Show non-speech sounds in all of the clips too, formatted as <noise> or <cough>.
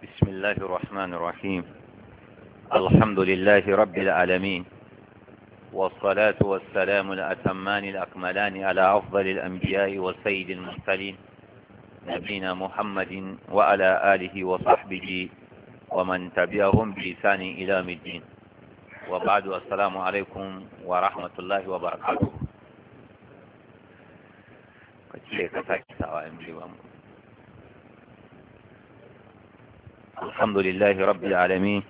بسم الله الرحمن الرحيم الحمد لله رب العالمين والصلاة والسلام الأتمان الأكملان على أفضل الأنبياء والسيد المرسلين نبينا محمد وعلى آله وصحبه ومن تبعهم بلسان إلى الدين وبعد السلام عليكم ورحمة الله وبركاته الحمد لله رب العالمين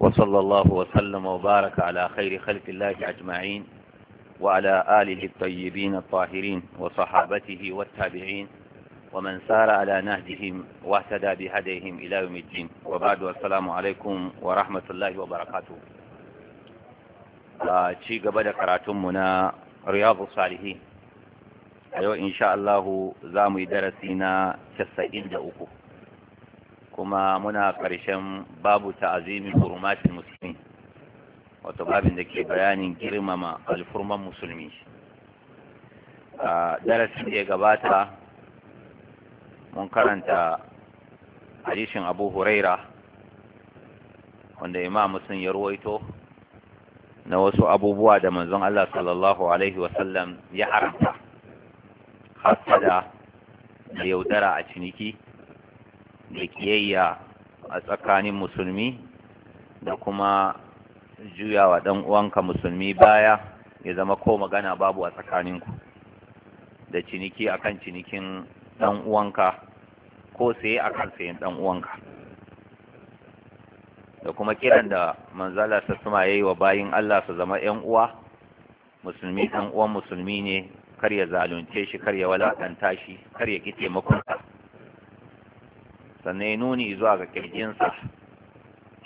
وصلى الله وسلم وبارك على خير خلق الله أجمعين وعلى آله الطيبين الطاهرين وصحابته والتابعين ومن سار على نهجهم واهتدى بهديهم إلى يوم الدين وبعد والسلام عليكم ورحمة الله وبركاته شيء قبل قراتمنا رياض الصالحين أيوة إن شاء الله زامي درسنا كسئين دعوكم kuma muna ƙarshen babu ta'azimin hurmatin musulmi wato babin da ke bayanin girmama alfurman musulmi a darasin da ya gabata mun karanta hadisin abu huraira wanda imam muslim ya ruwaito na wasu abubuwa da manzon Allah sallallahu alaihi wasallam ya haramta hasada da yaudara a ciniki da kiyayya a tsakanin musulmi da kuma juyawa ɗan uwanka musulmi baya ya zama ko magana babu a tsakaninku da ciniki akan cinikin ɗan uwanka ko sai akan sayin ɗan uwanka da kuma kiran da manzala ta suma yayi wa bayin Allah su zama ƴan uwa musulmi ɗan uwan musulmi ne kar ya zalunce shi kar ya walakanta shi kar ya ki taimakon sannan ya nuni zuwa ga kirjinsa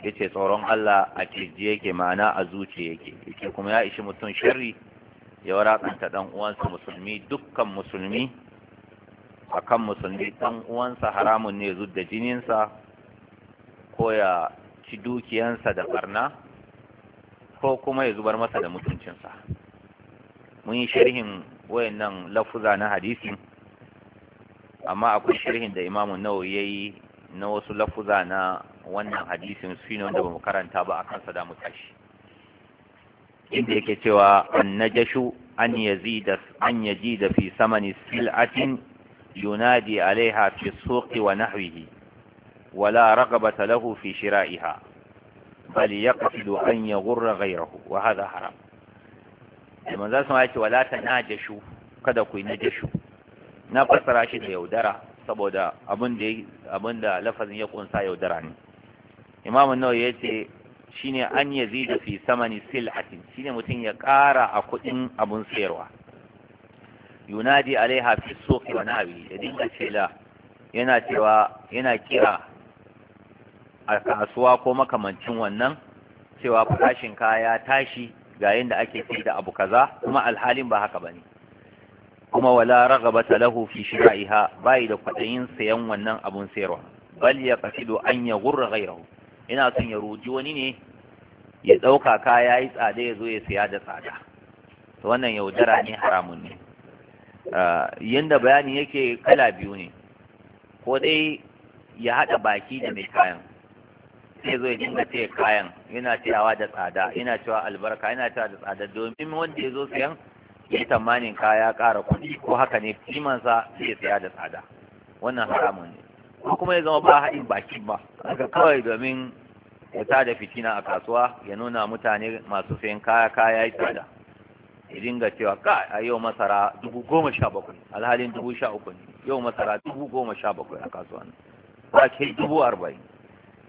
ya ce tsoron Allah a kirji yake ma'ana a zuciya yake yake kuma ya ishi mutum shari ya warakanta dan uwansa musulmi dukkan musulmi akan musulmi ɗan uwansa haramun ne zudda jininsa ko ya ci dukiyansa da barna ko kuma ya zubar masa da mutuncinsa mun yi sharhin wayannan lafuza na hadisi, amma akwai shirhin da imamu nawawi yayi na wasu lafuza na wannan hadisin su ne wanda ba mu karanta ba akan sa da mu tashi inda yake cewa annajashu an yazida an yazida fi samani sil'atin yunadi alaiha fi suqi wa nahwihi ولا رغبة له في شرائها بل يقصد أن haram. غيره وهذا حرام لما ذا سمعت ولا تناجشوا kada ku yi najashu na fassara shi da yaudara saboda abin da lafazin ya kunsa yaudara ne imamun nawa ya ce shi ne an yazi da fi samani sil'atin shi ne mutum ya ƙara a kuɗin abun sayarwa yunadi alaiha fi soki wa nahawi da dinga cela yana cewa yana kira a kasuwa ko makamancin wannan cewa farashin kaya tashi ga yadda ake ci da abu kaza kuma alhalin ba haka bane kuma wala ragabata lahu fi shira'iha bai da kwaɗayin sayan wannan abun sayarwa bal ya kasido an ya gurra ina son ya ruji wani ne ya ɗauka kaya yi tsada ya zo ya saya da tsada to wannan yaudara ne haramun ne ah, yanda bayani yake kala biyu ne ko dai ya haɗa baki da mai kayan sai zo ya dinga ce kayan yana cewa da tsada yana cewa albarka yana cewa da tsada domin wanda ya zo sayan ya yi tamanin kaya ƙara kuɗi ko haka ne kimansa sai ya tsaya da tsada wannan haramun ne ko kuma ya zama ba haɗin bakin ba daga kawai domin ya da fitina a kasuwa ya nuna mutane masu sayan kaya kaya ya tsada ya dinga cewa ka a yau masara dubu goma sha bakwai alhalin dubu sha uku ne yau masara dubu goma sha bakwai a kasuwa. ne ba ke dubu arba'in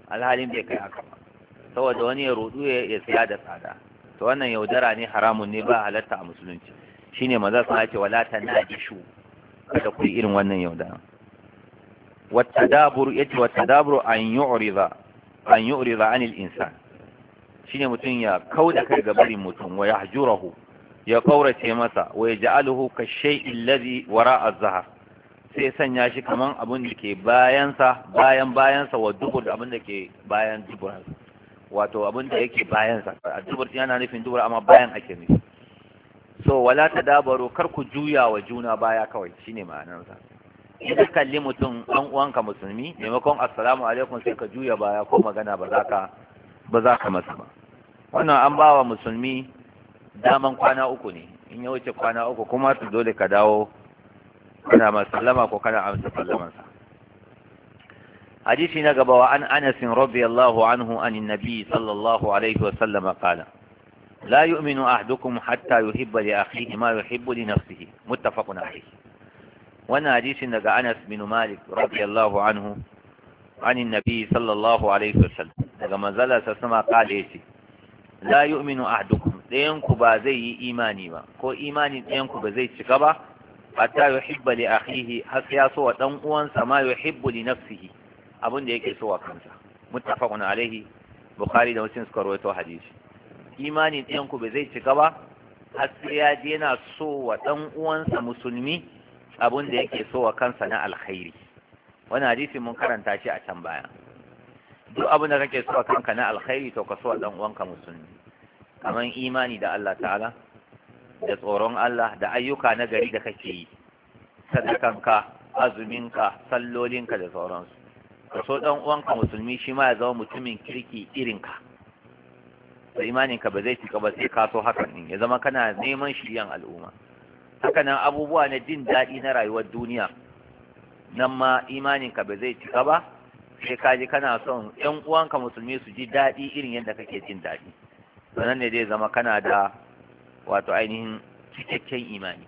alhalin bai kai haka ba saboda wani ya rudu ya tsaya da tsada to wannan yaudara ne haramun ne ba halatta a musulunci shine maza sun ce wala tanajishu kada ku irin wannan yaudara والتدابر يجب والتدابر an يعرض أن يعرض عن الإنسان shine mutum ya kauda kai ga barin mutum wa yahjurahu ya kaurace masa wa yaj'aluhu ka shay'il ladhi wara'a az-zahr sai sanya shi kaman abun da ke bayan sa bayan bayan sa wa dubur abun da ke bayan dubur wato abun da yake bayan sa dubur yana nufin dubur amma bayan ake nufi so wala ta dabaro kar ku juya wa juna baya kawai shine ma'anarsa idan kalli mutum ɗan uwanka musulmi maimakon assalamu alaikum sai ka juya baya ko magana ba za ka ba za ka masa ba wannan an bawa musulmi daman kwana uku ne in ya wuce kwana uku kuma su dole ka dawo kana masallama ko kana amsa sa hadisi na gaba wa an anas radiyallahu anhu anin nabi sallallahu alaihi wa sallama qala لا يؤمن أحدكم حتى يحب لأخيه ما يحب لنفسه متفق عليه وانا حديث لقى أنس بن مالك رضي الله عنه عن النبي صلى الله عليه وسلم لقى ما زال سسما قال إيتي لا يؤمن أحدكم ɗayanku ba zai yi imani ba ko imanin ɗayanku ba zai cika ba hatta yuhibba li akhihi har ya so wa dan uwansa ma yuhibbu li nafsihi abin yake so wa kansa da muslim suka rawaito hadisi imanin ɗiyanku bai zai cika ba har sai ya je yana so wa ɗan uwansa musulmi abin da yake so wa kansa na alkhairi wani hadisi mun karanta shi a can baya duk abin da kake so wa kanka na alkhairi to ka so wa ɗan uwanka musulmi kamar imani da Allah ta'ala da tsoron Allah da ayyuka na gari da kake yi sadakanka azuminka sallolinka da sauransu ka so ɗan uwanka musulmi shi ma ya zama mutumin kirki irinka to imanin ka ba zai cika ba sai ka so hakan ne ya zama kana neman shiryan al'umma haka nan abubuwa na jin daɗi na rayuwar duniya nan ma imanin ka ba zai cika ba sai ka ji kana son ƴan uwanka musulmi su ji daɗi irin yadda kake jin daɗi sannan ne zai zama kana da wato ainihin cikakken imani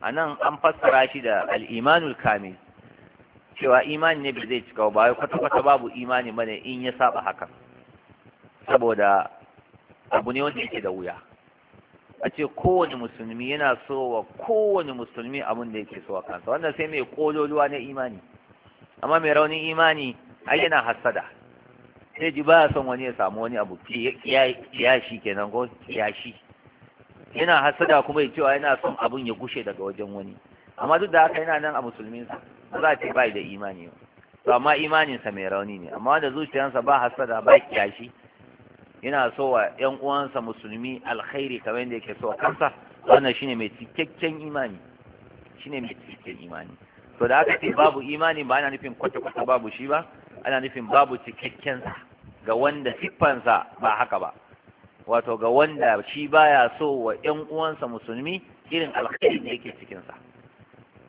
a nan an fassara shi da al'imanul kamil cewa imani ne bai zai cika ba kwata-kwata babu imani bane in ya saba haka saboda abu ne wanda yake da wuya a ce kowane musulmi yana so wa kowane musulmi abin da yake so a kansa wannan sai mai kololuwa na imani amma mai raunin imani ai yana hasada sai ji baya son wani ya samu wani abu shi kenan ko shi yana hasada kuma ya cewa yana son abin ya gushe daga wajen wani amma duk da haka yana nan a musulminsa ba za a ce bai da imani ba to amma imaninsa mai rauni ne amma da zuciyarsa ba hasada ba kiyashi yana so wa ƴan uwansa musulmi alkhairi kamar yadda yake so a kansa wannan shine mai cikakken imani shine mai cikakken imani to da aka ce babu imani ba ana nufin kwata kwata babu shi ba ana nufin babu cikakken sa ga wanda siffansa ba haka ba wato ga wanda shi baya so wa ƴan uwansa musulmi irin alkhairi da yake cikin sa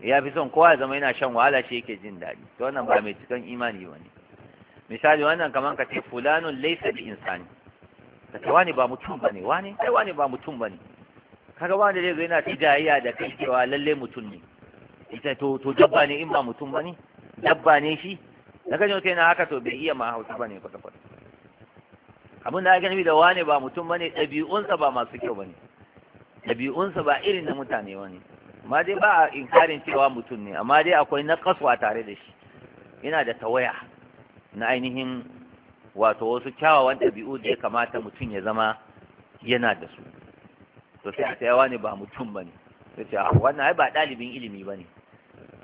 ya fi son kowa ya zama yana shan wahala shi yake jin daɗi to wannan ba mai cikakken imani ba ne misali wannan kamar ka ce fulanun laisa bi insani kace wani ba mutum bane ne wani ai wani ba mutum bane kaga wani zai zo yana tijayya da kai cewa lalle mutum ne ita to to dabba ne in ba mutum bane ne dabba ne shi na gani wata yana haka to bai iya ma hausa ba ne kwata-kwata abin da ake nufi da wani ba mutum bane ne ɗabi'unsa ba masu kyau bane ne ɗabi'unsa ba irin na mutane wani, amma dai ba a inkarin cewa mutum ne amma dai akwai na kaswa tare da shi yana da tawaya na ainihin wato wasu kyawawan ɗabi'u da ya kamata mutum ya zama yana da su to sai a tsayawa ne ba mutum ba ne sai ce wannan ai ba ɗalibin ilimi ba ne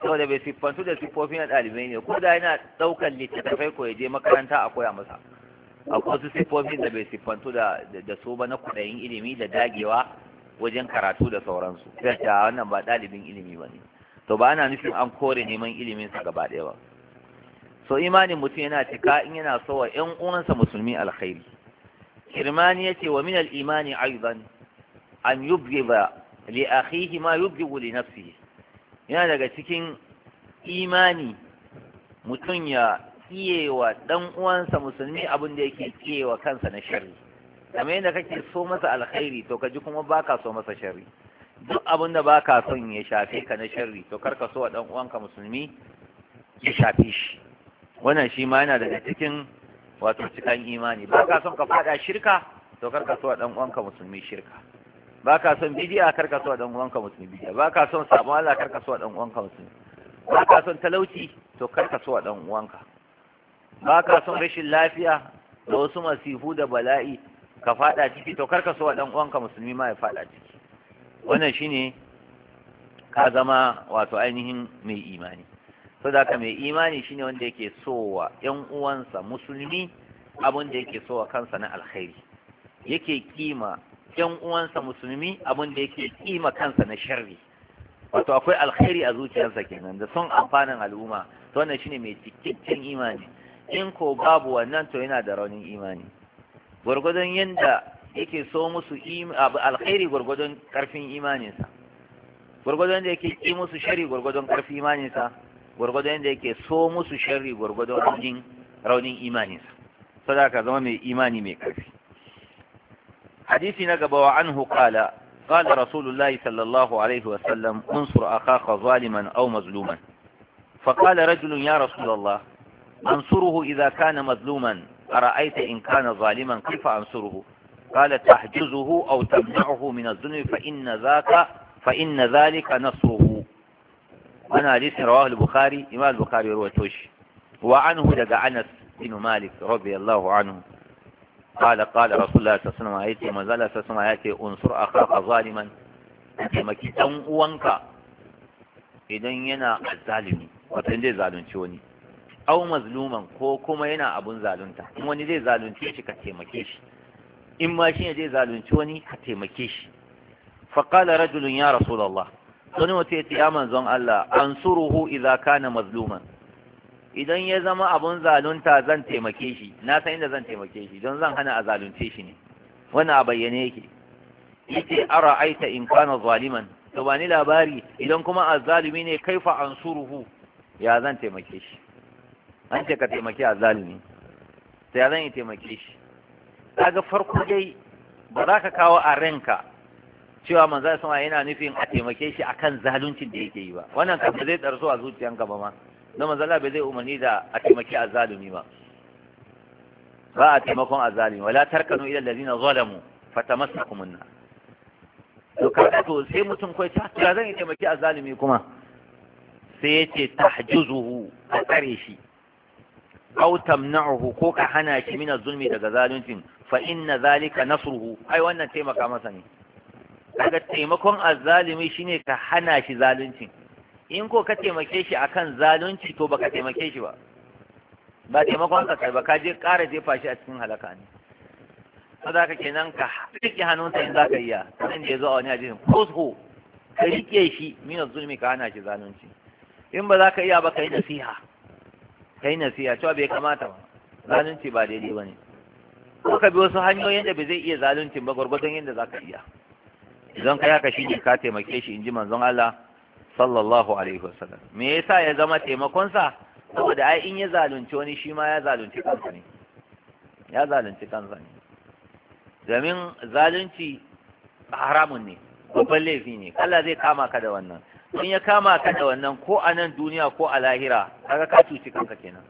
saboda bai siffantu da siffofin na ɗalibai ne ko da yana ɗaukar littattafai ko ya je makaranta a koya masa akwai wasu siffofin da bai siffantu da su ba na kuɗayin ilimi da dagewa wajen karatu da sauransu sai a wannan ba ɗalibin ilimi ba ne to ba ana nufin an kore neman iliminsa gaba ɗaya ba so imanin mutum yana cika in yana so wa ƴan uwansa musulmi alkhairi kirmani yace wa min al-imani aidan an ba, li akhihi ma yubghibu li nafsihi yana daga cikin imani mutum ya wa ɗan uwansa musulmi abin da yake wa kansa na shari. kamar yadda kake so masa alkhairi to ji kuma baka so masa shari. duk abin da baka son ya shafe ka na shari to karka so wa ɗan uwanka musulmi ya shafe shi wannan shi ma yana daga cikin wato cikan imani ba ka son ka fada shirka to karka so dan ka musulmi shirka ba ka son bid'a karka so dan ka musulmi bid'a ba ka son sabon Allah karka so dan ka musulmi ba ka son talauci to karka so dan ka ba ka son rashin lafiya da wasu masifu da bala'i ka fada ciki to karka so dan ka musulmi ma ya fada ciki wannan shine ka zama wato ainihin mai imani sadaka mai imani shine wanda yake so wa yan uwansa musulmi abin da yake wa kansa na alkhairi yake kima yan uwansa musulmi abin da yake kima kansa na sharri wato akwai alkhairi a zuciyarsa kenan da son amfanin al'umma to wannan shine mai cikakken imani in ko babu wannan to yana da raunin imani gurgudun yanda yake so musu alkhairi gurgudun karfin imaninsa gurgudun da yake ki musu shari gurgudun karfin imaninsa gwargwado yadda yake so musu sharri gwargwado raunin raunin imaninsa sadaka zama mai imani mai ƙarfi hadisi na gaba wa anhu qala qala rasulullah sallallahu alaihi wa sallam unsur akaka zaliman aw mazluman fa qala rajul ya rasulullah ansuruhu idha kana mazluman ara'aita in kana zaliman karfa ansuruhu kala tahjuzuhu au tamna'uhu min adh-dhunubi fa inna wannan hadisi rawahu al-bukhari imam al-bukhari ya rawaito shi wa anhu daga anas bin malik radiyallahu anhu قال قال رسول الله صلى الله عليه وسلم ايتي من زال صلى الله عليه وسلم انصر اخاك ظالما taimaki dan uwanka idan yana azzalimi watan zai zalunci wani au mazluman ko kuma yana abun zalunta in wani zai zalunci, shi ka taimake shi in ma shi ne zai zalunci wani ka taimake shi fa qala rajulun ya rasulullah wani mutum ya ce ya manzon Allah an suruhu idza kana mazluman idan ya zama abun zalunta zan taimake shi na san inda zan taimake shi don zan hana a zalunce shi ne Wani a bayyane yake yace ara aita in kana zaliman to ba ni labari idan kuma zalumi ne kaifa an suruhu ya zan taimake shi an ce ka taimake azzalumi sai ya zan yi taimake shi kaga farko dai ba za ka kawo a ranka cewa manzo sama yana nufin a taimake shi akan zaluncin da yake yi ba wannan kan zai tsarso a zuciyanka ba ma na manzo Allah bai zai umarni da a taimake zalumi ba ba a taimakon zalumi, wala tarkanu ila allazina zalamu fatamassakum an to kaga to sai mutum kai ta ta zan taimake zalumi kuma sai yace tahjuzuhu a kare shi aw tamna'uhu ko ka hana shi min zulmi daga zaluncin fa inna zalika nasruhu ai wannan taimaka masa ne daga taimakon shi shine ka hana shi zalunci in ko ka taimake shi akan zalunci to baka taimake shi ba ba taimakon ka kai ba ka je ƙara jefa shi a cikin halaka ne za ka kenan ka rike hannunsa in za ka iya nan da ya zo a wani hadisin kusho ka rike shi min zulmi ka hana shi zalunci in ba za ka iya ba ka yi nasiha ka yi nasiha cewa bai kamata ba zalunci ba daidai ba ne ko ka bi wasu hanyoyin da bai zai iya zaluncin ba gwargwadon yadda za ka iya idan kai haka shine ka taimake shi inji manzon Allah sallallahu alaihi wasallam me yasa ya zama taimakon sa saboda ai in ya zalunci wani shi ma ya zalunci kansa ne ya zalunci kansa ne domin zalunci haramun ne babban laifi ne Allah zai kama ka da wannan in ya kama ka da wannan ko a nan duniya ko a lahira kaga ka cuci kanka kenan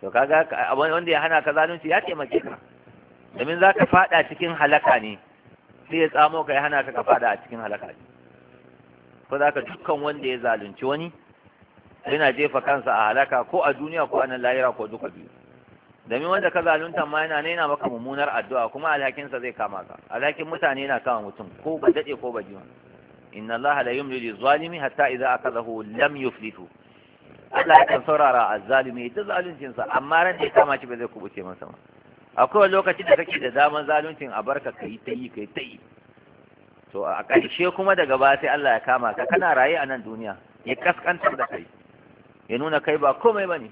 to kaga wanda ya hana ka zalunci ya taimake ka domin zaka fada cikin halaka ne sai ya tsamo ka ya hana ka ka fada a cikin halaka ko za ka dukkan wanda ya zalunci wani yana jefa kansa a halaka ko a duniya ko a nan lahira ko duka biyu domin wanda ka zalunta ma yana nena maka mummunar addu'a kuma alhakinsa zai kama ka alhakin mutane yana kama mutum ko ba dade ko ba jima inna allaha la yumli lil zalimi hatta idza akadahu lam yuflitu Allah ya kan saurara azzalimi ta zaluncinsa sa amma ran da ya kama shi ba zai kubuce masa ba akwai lokacin da kake da daman zaluncin a barka ka yi ta yi ka yi ta yi to a ƙarshe kuma daga baya sai Allah ya kama ka kana raye a nan duniya ya kaskantar da kai ya nuna kai ba komai bane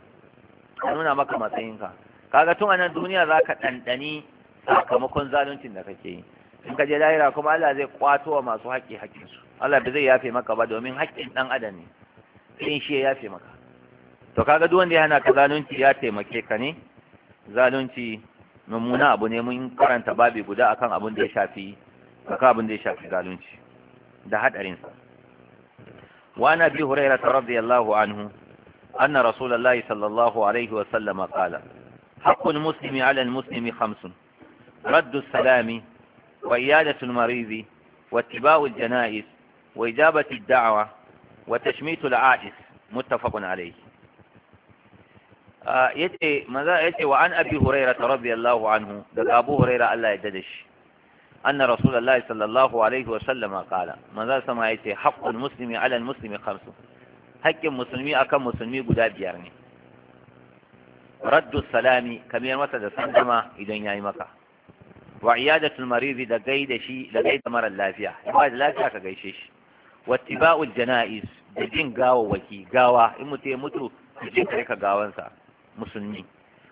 ya nuna maka matsayinka kaga tun a nan duniya za ka ɗanɗani sakamakon zaluncin da kake yi in ka je lahira kuma Allah zai kwato wa masu haƙƙi haƙƙinsu Allah ba zai yafe maka ba domin haƙƙin ɗan adam ne in shi ya yafe maka to kaga duk wanda ya hana ka zalunci ya taimake ka ne zalunci mummuna abu ne mun karanta babi guda akan abin da ya shafi akan abin da ya shafi zalunci da hadarin sa wa ana bi hurairah radiyallahu anhu anna rasulullahi sallallahu alaihi wa sallam qala haqqul muslimi ala almuslimi khamsun raddu as-salami wa iyadatu al-marizi واتباع الجنائز وإجابة الدعوة وتشميت العائس muttafaqun alayhi yace maza yace wa an abi hurairah radiyallahu anhu daga abu hurairah Allah ya dade shi anna rasulullahi sallallahu alaihi wa sallama qala maza sama yace haqqul muslimi ala al muslimi khamsu haqqin musulmi akan musulmi guda biyar ne raddu salami kamar masa da sanduma idan yayi maka wa iyadatul marid da gaida shi da gaida mara lafiya ba da lafiya ka gaishe shi wa tiba'ul janaiz da jin gawa waki gawa in mutum ya mutu ka je ka gawansa musulmi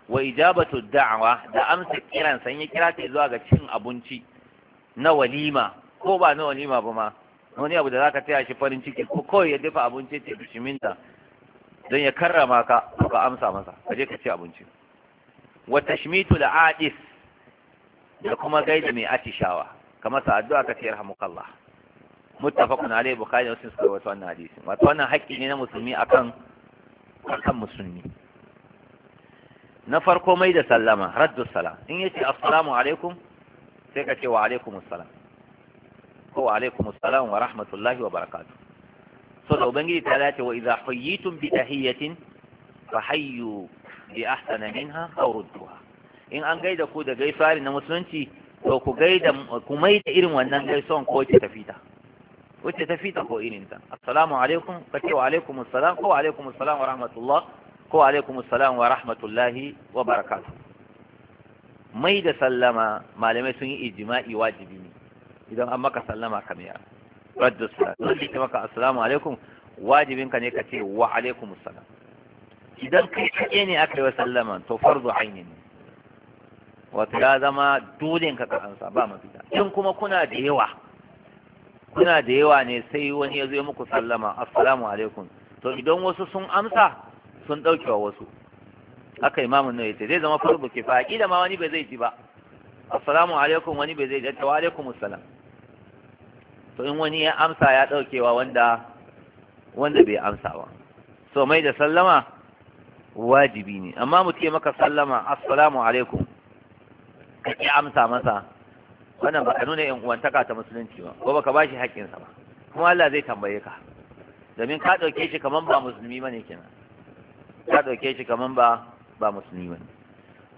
wa ijabatu da'wa da amsa kiran san ya kira ta zuwa ga cin abinci na walima ko ba na walima ba ma wani abu da zaka taya shi farin ciki ko kawai ya dafa abinci ce bishiminta Dan ya karrama ka ka amsa masa ka je ka ci abinci wa tashmitu da adis da kuma gaida mai atishawa kamar sa addu'a ka ce yarhamukallah muttafaqun alayhi bukhari wa muslim suka rawaito wannan hadisi wato wannan haƙƙi ne na musulmi akan akan musulmi na farko mai da sallama raddu salam in yace assalamu alaikum sai ka ce wa alaikum assalam ko wa alaikum assalam wa rahmatullahi wa barakatuh so da ubangiji ta dace wa idza hayyitum bi tahiyatin fa hayyu bi ahsana minha aw rudduha in an gaida ku da gaisuwa na musulunci to ku gaida ku mai da irin wannan gaisuwan ko ce tafita wacce ta fita ko irinta assalamu alaikum ka ce wa alaikum assalam ko wa alaikum assalam wa rahmatullah ko alaikum salam wa rahmatullahi wa barakatuh mai da sallama malamai sun yi ijma'i wajibi ne idan an maka sallama ka mai raddu salam don maka assalamu alaikum wajibin ka ne ka ce wa alaikum salam idan kai kake ne aka yi wa sallama to farzu aini ne wato ya zama dole ka ansa ba mafita in kuma kuna da yawa kuna da yawa ne sai wani ya zo muku sallama assalamu alaikum to idan wasu sun amsa sun wa wasu haka imamun nawawi ce zai zama farbu fa kila ma wani bai zai ji ba assalamu alaikum wani bai zai ji wa alaikum assalam to in wani ya amsa ya ɗaukewa wanda wanda bai amsa ba so mai da sallama wajibi ne amma mu ce maka sallama assalamu alaikum ka ki amsa masa wannan ba ka nuna yan uwantaka ta musulunci ba ko baka bashi haƙƙinsa ba kuma Allah zai tambaye ka domin ka ɗauke shi kamar ba musulmi bane kenan ta ɗauke shi kaman ba ba musulmi ba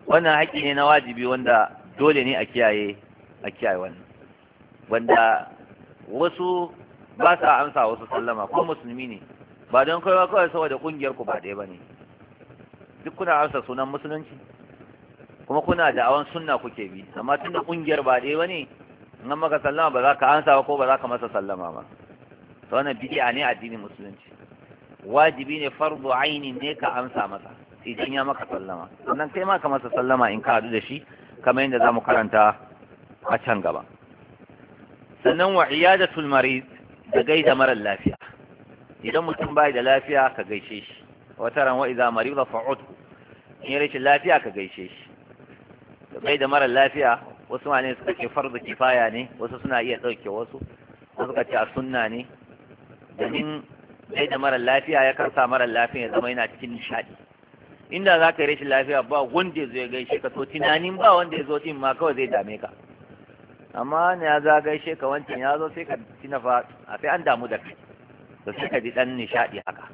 wannan haƙƙi ne na wajibi wanda dole ne a kiyaye a kiyaye wannan wanda wasu ba sa amsa wasu sallama ko musulmi ne ba don kai ba kawai saboda kungiyar ku ba ɗaya ba ne duk kuna amsa sunan musulunci kuma kuna da awan sunna kuke bi amma tunda kungiyar ba ɗaya ba ne in maka sallama ba za ka amsa ba ko ba za ka masa sallama ba to wannan bid'a ne addinin musulunci wajibi ne fardu aini ne ka amsa masa sai ya maka sallama sannan kai ma ka masa sallama in ka hadu da shi kamar yadda mu karanta a can gaba sannan wa iyadatul marid da gaida mara lafiya idan mutum bai da lafiya ka gaishe shi wata ran wa mari da fa'ud in rashin lafiya ka gaishe shi bai da mara lafiya wasu ma ne suka ce farzu kifaya ne wasu suna iya ɗauke wasu wasu suka ce a sunna ne domin sai da mara lafiya ya kan sa mara lafiya ya zama yana cikin nishaɗi inda za ka yi rashin lafiya ba wanda ya zo ya gaishe ka so tunanin ba wanda ya zo din ma kawai zai dame ka amma ne ya za gaishe ka wancan ya zo sai ka tuna fa a sai an damu da kai to sai ka ji dan nishaɗi haka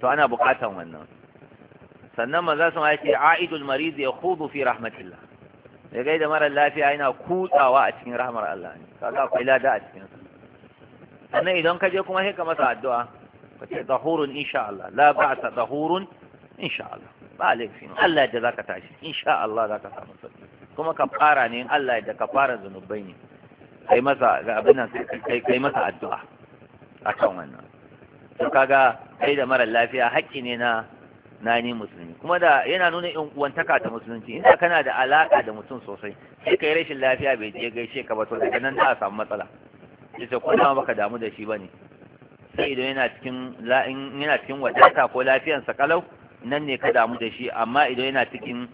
to ana bukatan wannan sannan maza sun ce a'idul mariz ya khudu fi rahmatillah ya gaida mara lafiya yana kutsawa a cikin rahmar Allah ne kaga akwai lada a cikin sa sannan idan ka je kuma sai ka masa addu'a ka ce zahurun insha Allah la ba'sa zahurun insha Allah ba laifin Allah da zaka tashi insha Allah zaka samu sauki kuma ka fara ne in Allah da ka fara zanubai ne kai masa ga abin nan kai kai masa addu'a akan wannan to kaga kai da mara lafiya haƙƙi ne na na ni musulmi kuma da yana nuna in uwantaka ta musulunci in kana da alaka da mutum sosai sai kai rashin lafiya bai je gaishe ka ba to daga nan za a samu matsala yace ko dama baka damu da shi bane sai idan yana cikin la'in yana cikin wadata ko lafiyansa kalau nan ne ka damu da shi amma idan yana cikin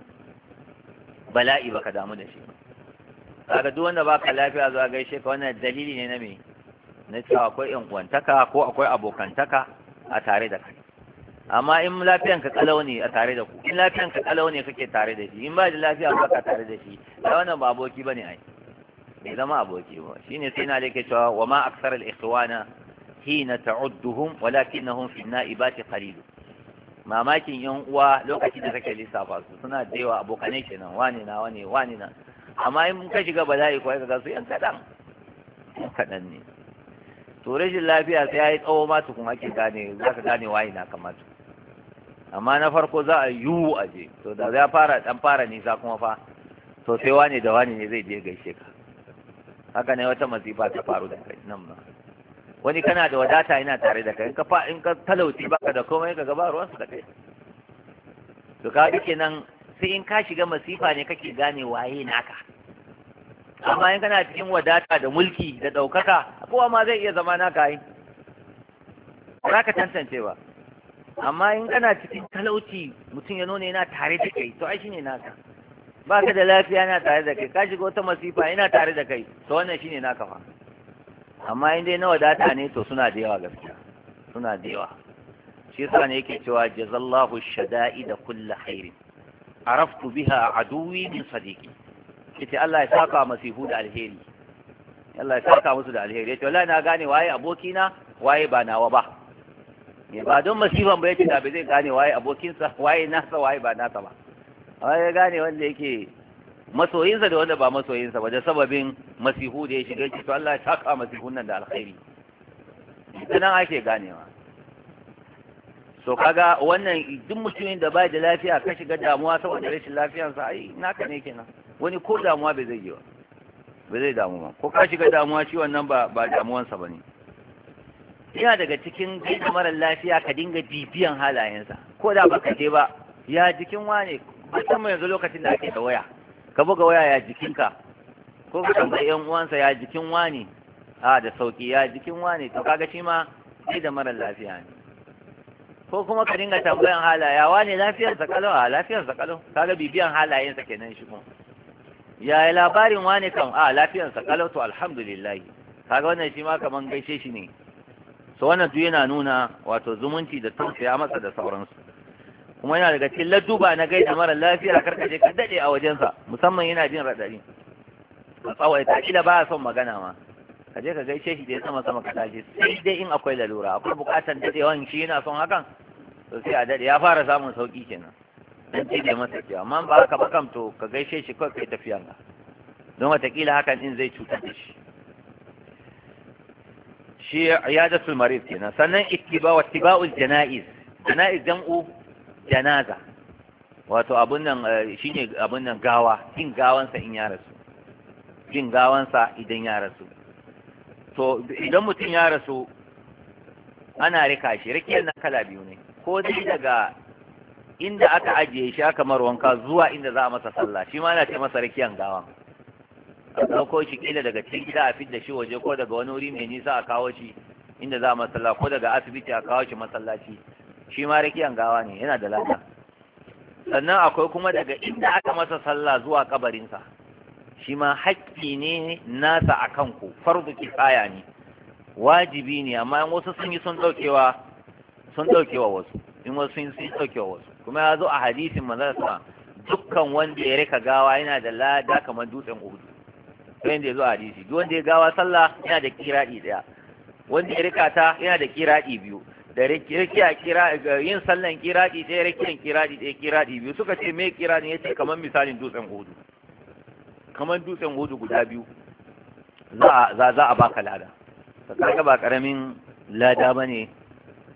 bala'i baka damu da shi kaga duk wanda baka lafiya zuwa gaishe ka wannan dalili ne na me na cewa akwai yan uwantaka ko akwai abokantaka a tare da kai amma in lafiyanka kalau ne a tare da ku in lafiyanka kalau ne kake tare da shi in ba da lafiya baka tare da shi da wannan ba aboki bane ai bai zama aboki ba shine sai na dake cewa wa ma aksar al ikhwana hina ta'udduhum walakinnahum fi naibati qalil mamakin yan uwa lokacin da kake lissafa su suna da yawa abokanai kenan wani na wani wani na amma in ka shiga bala'i ko ka su yan kadan yan kadan ne to rashin lafiya sai yayi tsawo ma tukun ake gane ka gane waye na kamata amma na farko za a a aje to da ya fara dan fara nisa kuma fa to sai wani da wani ne zai je gaishe ka haka ne wata masifa ta faru da kai nan ba wani kana da wadata yana tare da kai in ka fa in ka talauci baka da komai ka gaba ruwansu da kai to ka duke nan sai in ka shiga masifa ne kake gane waye naka amma in kana cikin wadata da mulki da ɗaukaka kowa ma zai iya zama naka yi za ka tantance ba amma in kana cikin talauci mutum ya nuna yana tare da kai to ai shine naka ba ka da lafiya na tare da kai ka shiga wata masifa ina tare da kai to wannan shine na kafa amma in dai na wadata ne to suna da yawa gaskiya suna da yawa shi yasa ne yake cewa jazallahu da kulli khairin araftu biha aduwi min sadiqi kace Allah ya saka masifu da alheri Allah ya saka musu da alheri to la na gane waye abokina waye ba nawa ba ba don masifan ba yace da bai zai gane waye abokinsa waye nasa waye ba nasa ba ya gane wanda yake masoyinsa da wanda ba masoyinsa waje sababin masihu da ya shiga shi to Allah ya taka masihun nan da alkhairi nan ake ganewa so kaga wannan duk mutumin da ba da lafiya ka shiga damuwa saboda rashin lafiyarsa ai naka ne kenan wani ko damuwa bai zai yi ba bai zai damu ba ko ka shiga damuwa shi wannan ba ba damuwansa bane yana daga cikin gaida marar lafiya ka dinga bibiyan halayensa ko da baka je ba ya jikin wane musamman yanzu lokacin da ake da waya ka buga waya ya jikinka ko ka tambayi yan uwansa ya jikin wani a da sauki ya jikin wani to kaga shi ma sai da mara lafiya ne ko kuma ka dinga tambayan halaya wani lafiyar sa kalo, a lafiyar sa kalo, kaga bibiyan halayen sa kenan shi kuma ya labarin wani kan a lafiyar sa kalo? to alhamdulillah kaga wannan shi ma kaman gaishe shi ne so wannan duk yana nuna wato zumunci da tausaya masa da sauransu kuma yana daga cikin ladduba na gai da mara lafiya karka je ka dade a wajensa musamman yana jin radari a ta, kila ba son magana ma ka je ka gaishe shi da ya sama sama ka tashi sai dai in akwai lalura akwai bukatan dadewan shi yana son hakan to sai a dade ya fara samun sauki kenan dan ce da masa cewa amma ba ka bakam to ka gaishe shi kawai kai tafiyan ka don watakila hakan din zai cutar da shi shi iyadatul marid kenan sannan ittiba wa ittiba'ul janaiz janaiz jam'u janaza wato abun nan eh, shi ne abun nan gawa jin gawansa in ya rasu jin gawansa idan ya rasu to idan mutum ya rasu ana rika shi rikiyar na kala biyu ne ko dai daga inda aka ajiye shi aka marwanka zuwa inda za a masa sallah shi ma na ce masa rikiyar gawan a ɗauko shi kila daga cikin gida a fidda shi waje ko daga wani wuri mai nisa a kawo shi inda za a masa sallah ko daga asibiti a kawo shi masallaci shi ma rakiyan gawa ne yana da lada sannan akwai kuma daga inda aka masa sallah zuwa kabarinsa shi ma haƙƙi ne nasa a kanku farzu kifaya ne wajibi ne amma in wasu sun yi sun ɗaukewa sun ɗaukewa wasu in wasu sun yi ɗaukewa wasu kuma ya zo a hadisin manzara dukkan wanda ya rika gawa yana da lada kamar dutsen uhudu sai yadda ya zo a hadisi duk wanda ya gawa sallah yana da kiraɗi ɗaya wanda ya rika ta yana da kiraɗi biyu da rikiya kira yin sallan kiradi ɗaya rikiyan kiradi ɗaya kiradi biyu suka ce me kiradi ya ce kamar misalin dutsen hudu kamar dutsen hudu guda biyu za a baka lada ka kaga ba karamin lada ba ne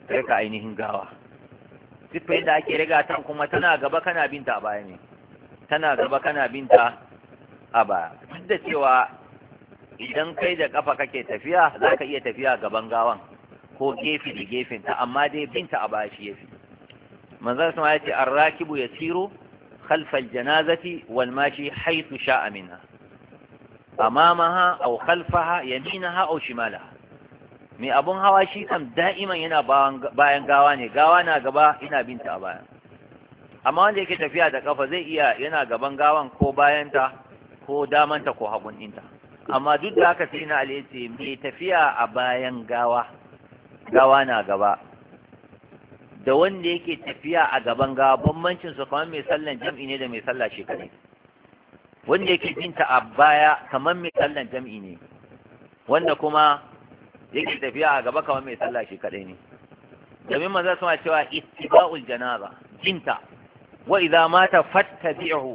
ka ainihin gawa siffar da ake riga tan kuma tana gaba kana binta a baya ne tana gaba kana binta a baya duk da cewa idan kai da kafa kake tafiya za ka iya tafiya gaban gawan ko gefe da gefen ta amma dai binta a baya shi yafi manzon sama ya ce arrakibu yasiru خلف الجنازة والماشي حيث شاء منها أمامها أو خلفها يمينها أو shimala. mai abun hawa shi kam da'iman yana bayan gawa ne gawa na gaba ina binta a baya amma wanda yake tafiya da kafa zai iya yana gaban gawan ko bayanta ko damanta ko hagun ɗinta amma duk da haka sai na aliyace mai tafiya a bayan gawa gawa na gaba da wanda yake tafiya a gaban gawa bambancin su kamar mai sallan jam'i ne da mai sallah shi kadai wanda yake jinta a baya kamar mai sallan jam'i ne wanda kuma yake tafiya a gaba kamar mai sallah shi kadai ne domin maza suna cewa ittiba'ul janaza jinta wa idza mata fattabi'hu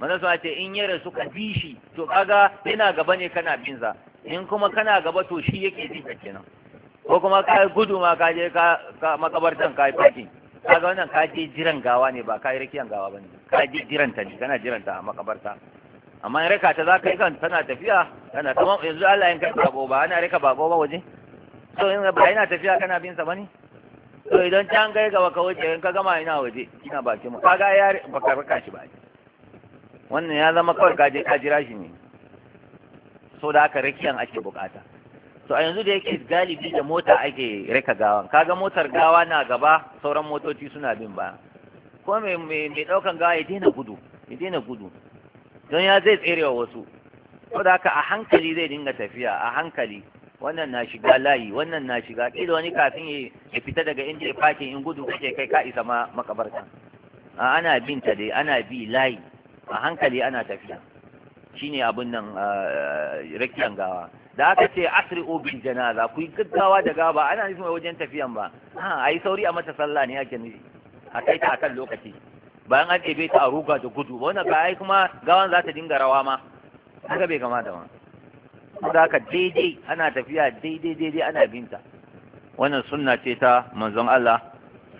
manzo suna ce in yare suka bishi bi shi to kaga yana gaba ne kana binza in kuma kana gaba to shi yake jinta kenan ko kuma ka yi gudu ma ka je ka makabartan ka yi parking kaga wannan ka je jiran gawa ne ba ka yi rakiyan gawa ba ne ka je jiran ta ne kana jiran ta a makabarta amma in raka ta za ka yi kan tana tafiya kana kuma yanzu Allah in kai bako ba ana raka bako ba waje so in ba ina tafiya kana bin sa bane to idan can kai gaba ka wuce in ka gama ina waje ina baki mu kaga ya baka raka shi ba wannan ya zama kawai ka je ka jira shi ne so da haka rakiyan ake bukata to a yanzu da yake galibi da mota ake raka gawan kaga motar gawa na gaba sauran motoci suna bin ba ko me mai daukan gawa ya daina gudu ya daina gudu don ya zai tserewa wasu ko da haka a hankali zai dinga tafiya a hankali wannan na shiga layi wannan na shiga kila wani kafin ya fita daga inda ya fakin in gudu kake kai ka isa ma A ana bin ta dai ana bi layi a hankali ana tafiya shine abin nan rakiyan gawa da aka ce obin bil janaza ku yi gaggawa da gaba ana nufin wajen tafiyan ba a yi sauri a mata sallah ne ake nufi a kai ta akan lokaci bayan an ɗebe ta a ruga da gudu wannan ka kuma gawan za ta dinga rawa ma haka bai kamata ba da haka daidai ana tafiya daidai daidai ana binta wannan sunna ce ta manzon Allah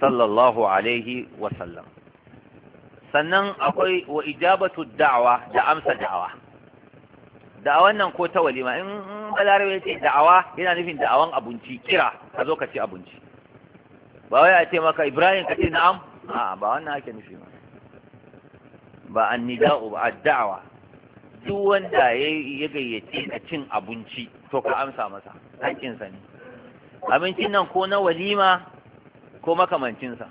sallallahu alaihi wa sallam sannan akwai wa ijabatu da'wa da amsa da'wa da'awan nan ko ta walima in balarabe ya ce da'awa yana nufin da'awan abinci kira ka zo ka ci abinci ba wai a ce maka ibrahim ka ce na'am a ba wannan ake nufi ba ba an nida'u ba da'awa duk wanda ya gayyace ka cin abinci to ka amsa masa haƙƙinsa ne abincin nan ko na walima ko makamancinsa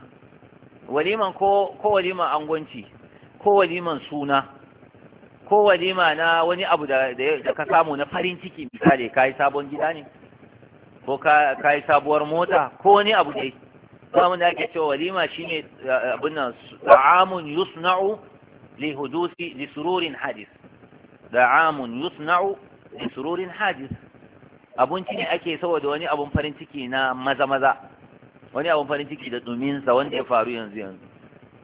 waliman ko ko waliman angonci ko waliman suna ko walima na wani abu da ka samu na farin ciki misali ka yi sabon gida ne ko ka yi sabuwar mota ko wani abu dai samun da ake cewa walima shine abin nan ta'amun yusna'u li hudusi li sururin hadis da'amun yusna'u li sururin hadis abinci ne ake saboda wani abun farin ciki na maza maza wani abun farin ciki da duminsa wanda ya faru yanzu yanzu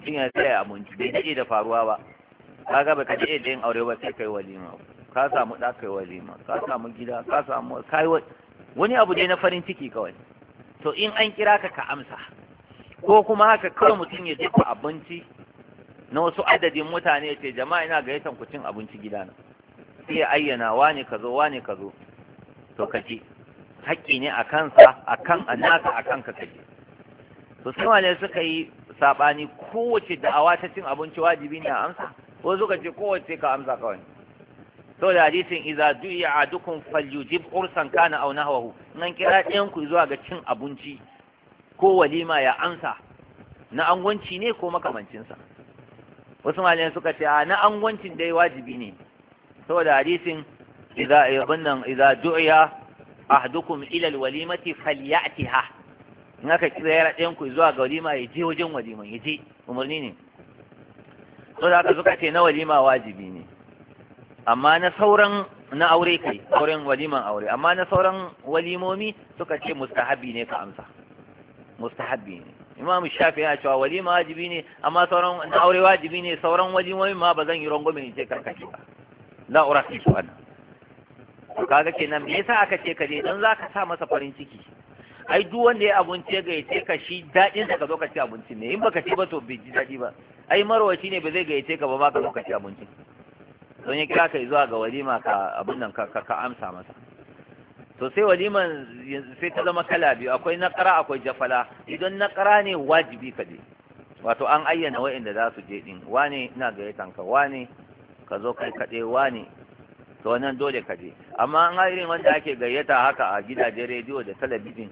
shin ya tsaya abinci bai daɗe da faruwa ba kaga baka je da yin aure ba sai kai walima ka samu da kai walima ka samu gida ka samu kai wani abu dai na farin ciki kawai to in an kira ka ka amsa ko kuma haka kawai mutum ya jefa abinci na wasu adadin mutane ce jama'a ina gayyatan ku cin abinci gida na. sai ya ayyana wani ka zo kazo ka zo to ka ci haƙƙi ne a kansa a kan annaka a kan ka kaje to sai wane suka yi saɓani kowace da'awa ta cin abinci wajibi ne a amsa ko suka ce kowace ka amsa kawai to da hadisin idza du'a adukum falyujib ursan kana aw nahwahu nan kira ɗayan ku zuwa ga cin abinci ko walima ya amsa na angwanci ne ko makamancinsa wasu malamai suka ce a na angwancin dai wajibi ne da hadisin idza ibnan idza du'iya ahdukum ila alwalimati falyatiha in aka kira ɗayan ku zuwa ga walima ya je wajen walima ya je umarni ne so da haka suka ce na walima wajibi ne amma na sauran na aure kai sauran waliman aure amma na sauran walimomi suka ce mustahabi ne ka amsa mustahabi ne imamu shafi ya cewa walima wajibi ne amma sauran na aure wajibi ne sauran walimomi ma ba zan yi rangwame in ce karkashi ba na urafi su wannan kaga kenan me yasa aka ce ka je dan zaka sa masa farin ciki ai duk wanda ya abinci gayyace ka shi daɗin ka zo ka ci abinci ne in baka ci ba to bai ji daɗi ba ai marwaci ne ba zai gayyace ka ba ma ka zo ka ci abinci don ya kira ka zuwa ga walima ka abin nan ka ka amsa masa to sai waliman sai ta zama kala biyu akwai nakara akwai jafala idan nakara ne wajibi ka je wato an ayyana wa'inda za su je din wane ina gayyatan ka wane ka zo kai kaɗe wane to wannan dole ka je amma an irin wanda ake gayyata haka a gidajen rediyo da talabijin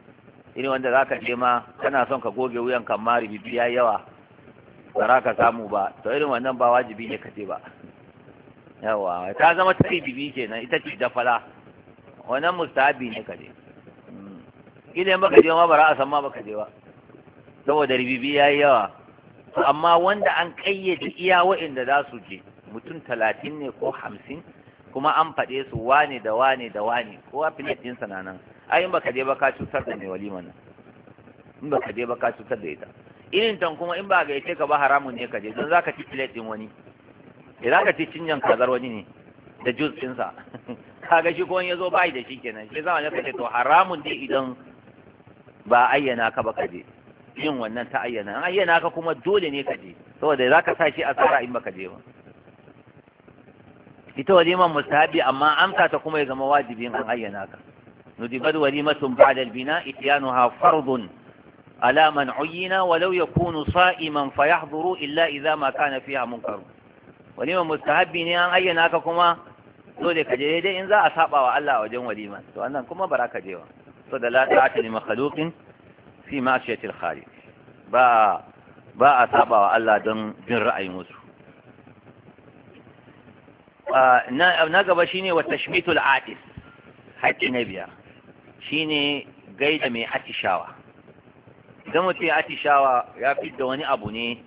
irin wanda zaka je ma kana son ka goge wuyan kan mari bibi yayi yawa ba za ka samu ba to irin wannan ba wajibi ne ka ce ba yawa ta zama ta bibi kenan ita ce dafala wannan mustahabi ne ka je hmm. ba ka je ma ba za a san ma ka je ba saboda ribibi yayi yawa to amma wanda an kayyade iya wa'inda za su je mutum talatin ne ko hamsin kuma an faɗe su wane da wane da wane kowa filet ɗinsa na nan ai in baka je ba ka cutar da mai walima nan in baka je ba ka cutar da ita irin tan kuma in ba ga yace ka ba haramun ne ka je don zaka ci filet ɗin wani idan ka ci cinyan kazar wani ne da jus ɗinsa <laughs> kaga shi ko ya zo bai da shi kenan shi zama ne ka ce to haramun ne idan ba ayyana ka ba ka je yin wannan ta ayyana an ayyana ka kuma dole ne ka je saboda zaka sa shi a tsara in baka je ba ita walima mustahabi amma amsa ta kuma ya zama wajibi in an ayyana ka nudibar walimatun ba'da albina ityanuha fardun ala man uyyina walau yakunu sa'iman fayahdhuru illa idza ma kana fiha munkar walima mustahabi ne an ayyana ka kuma dole ka je dai in za a saba wa Allah wajen walima to annan kuma baraka jewa to da la ta'ati li makhluqin fi ma'siyati al-khaliq ba ba a saba wa Allah don bin ra'ayin wasu na gaba shine wa tashmitul atis haƙƙi na biyar shine gaida mai atishawa idan mutum atishawa ya fidda wani abu ne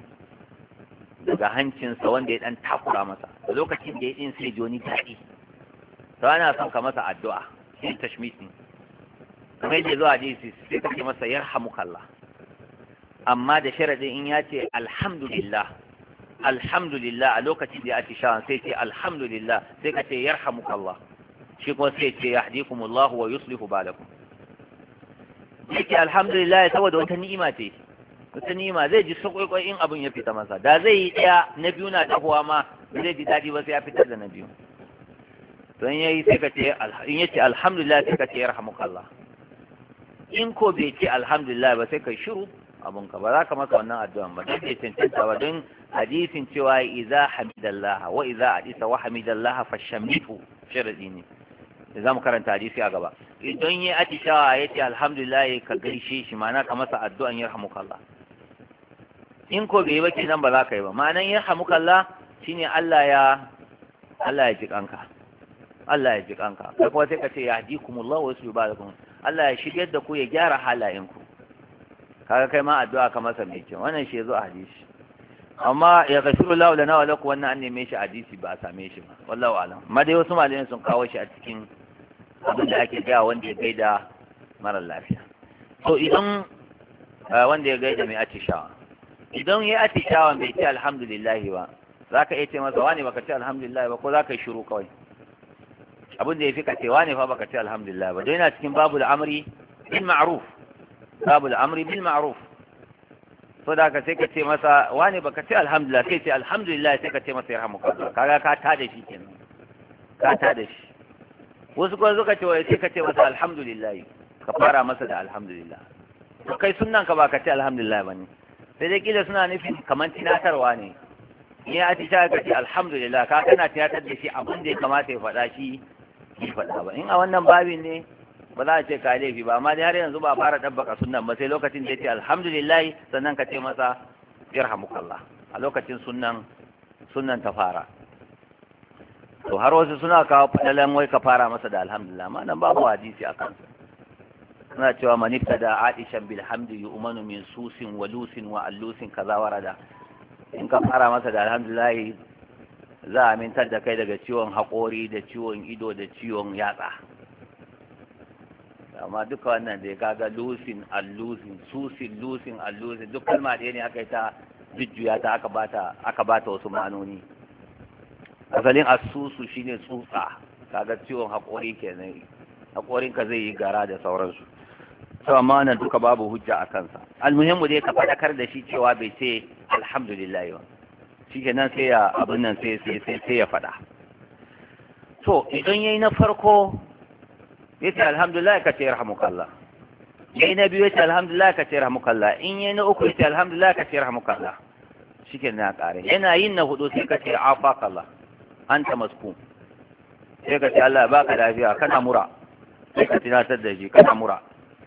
daga hancinsa wanda ya dan takura masa da lokacin da ya ɗin sai joni wani to ana son ka masa addu'a shi tashmitin kamar yadda zuwa hadisi sai ka ce masa yarhamukallah amma da sharadin in ya ce alhamdulillah alhamdulillah a lokacin da ya atishawan sai ce alhamdulillah sai ka ce yarhamukallah shi kuma sai ce yahdikumullahu wa yuslihu balakum yake alhamdulillah saboda wata ni'ima ce wata ni'ima zai ji sakwaikwai in abin ya fita masa da zai yi ɗaya na biyu na tahowa ma zai ji daɗi ba sai ya fitar da na biyu to in yayi sai ka ce in yace alhamdulillah sai ka ce Allah, in ko bai ce alhamdulillah ba sai ka shiru abunka ba za ka masa wannan addu'an ba duk bai cancanta ba don hadisin cewa idza hamidallaha wa idza adisa wa hamidallaha fashamitu sharadi ne za mu karanta hadisi a gaba idan ya atishawa ya ce alhamdulillah ka gaishe shi ma'ana ka masa addu'an yarhamukallah in ko bai yi ba nan ba za ka yi ba ma'anan yarhamukallah shine Allah ya Allah ya ji kanka Allah ya ji kanka kai kuma sai ka ce yahdikumullahu wa yuslihu balakum Allah ya shiryar da ku ya gyara halayenku kaga kai ma addu'a ka masa mai kyau wannan shi yazo a hadisi amma ya gashiru lahu lana wa lakum wannan an neme shi hadisi ba a same shi ba wallahu alam amma dai wasu malamin sun kawo shi a cikin abin da ake gaya wanda ya gaida mara lafiya to idan eh, wanda ya gaida mai atishawa idan ya atishawa bai ce alhamdulillah ba za ka iya ce masa wani baka ce alhamdulillah ba ko za ka yi shiru kawai abin da ya fi ka ce wani fa baka ce alhamdulillah ba don yana cikin babu da amri in ma'ruf babu al'amri bil ma'ruf so da ka sai ka ce masa wani ka ce alhamdulillah sai ce alhamdulillah sai ka ce masa yarhamuka kaga ka ta da shi kenan ka ta da shi wasu kuma suka ce wai sai ka ce masa alhamdulillah ka fara masa da alhamdulillah to kai sunnan ka ba ka ce alhamdulillah bane sai dai kila suna nufin kamar tinatarwa ne ni a ci ka ce alhamdulillah ka kana tinatar da shi abin da ya kamata ya faɗa shi ki faɗa ba in a wannan babin ne ba za a ce ka laifi ba amma dai har yanzu ba fara dabbaka sunan ba sai lokacin da ya ce alhamdulillah sannan ka ce masa yarhamukallah a lokacin sunan sunan ta fara to har wasu suna kawo fadalan wai ka fara masa da alhamdulillah ma nan babu hadisi a kansa suna cewa man da aisha bil hamdi yu'manu min susin wa lusin wa allusin kaza warada in ka fara masa da alhamdulillah za a mintar da kai daga ciwon haƙori da ciwon ido da ciwon yatsa amma duka wannan da ya kaga lusin allusin susin lusin losing duk kalma da ne aka yi ta jujjuya ta aka bata aka bata wasu ma'anoni asalin asusu shine tsutsa kaga ciwon haƙori kenan haƙorin ka zai yi gara da sauransu sau amma nan duka babu hujja a kansa almuhimmu dai ka faɗakar da shi cewa bai ce alhamdulillah ba shikenan sai ya abin nan sai sai sai ya faɗa to idan yayi na farko ya ce alhamdulillah ka ce rahmukallah ya yi na biyu ya ce alhamdulillah ka ce rahmukallah in yi na uku ya ce alhamdulillah ka ce rahmukallah shi ke na ƙare yana yin na hudu sai ka ce afakallah an ta masku sai ka ce Allah ba ka lafiya kana mura sai ka tunatar da shi kana mura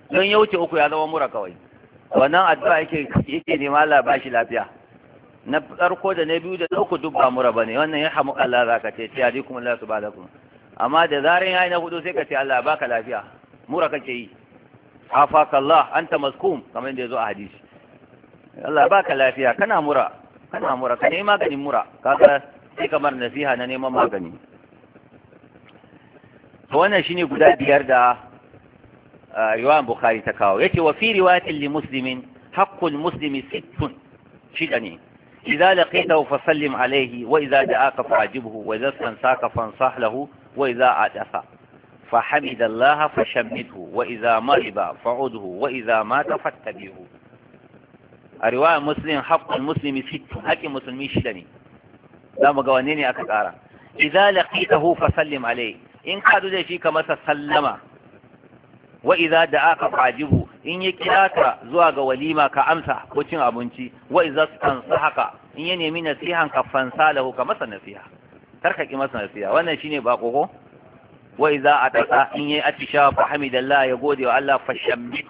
don ya wuce uku ya zama mura kawai wannan addu'a yake yake nema Allah ba shi lafiya na farko da na biyu da na uku duk ba mura bane wannan ya hamu Allah zaka ce ta yadi kuma Allah subhanahu wa ta'ala amma da zaran yayi na hudu sai ka ce Allah baka lafiya mura kake yi afakallah anta maskum kamar inda yazo a hadisi Allah baka lafiya kana mura kana mura ka nemi maganin mura kaga sai kamar nasiha na neman magani to wannan shine guda biyar da riwayan bukhari ta kawo yace wa fi riwayatin li muslimin haqqul muslimi sittun shida ne إذا لقيته فسلم عليه وإذا دعاك فعجبه وإذا استنساك فانصح له وإذا عدف فحمد الله فشمته وإذا مرض فعده وإذا مات فاتبعه a riwayar muslim haƙƙun muslimi sittin haƙƙin musulmi shida ne za mu ga wanne ne aka tsara idza laqitahu fa in ka da shi ka masa sallama wa da aka fajibu in ya kira ka zuwa ga walima ka amsa ko cin abinci wa idza haka in ya nemi nasihan ka fansa lahu ka masa nasiha tarka ki masa nasiha wannan shine bako koko wa a ataka in yi atisha fa hamidallah ya gode wa Allah fa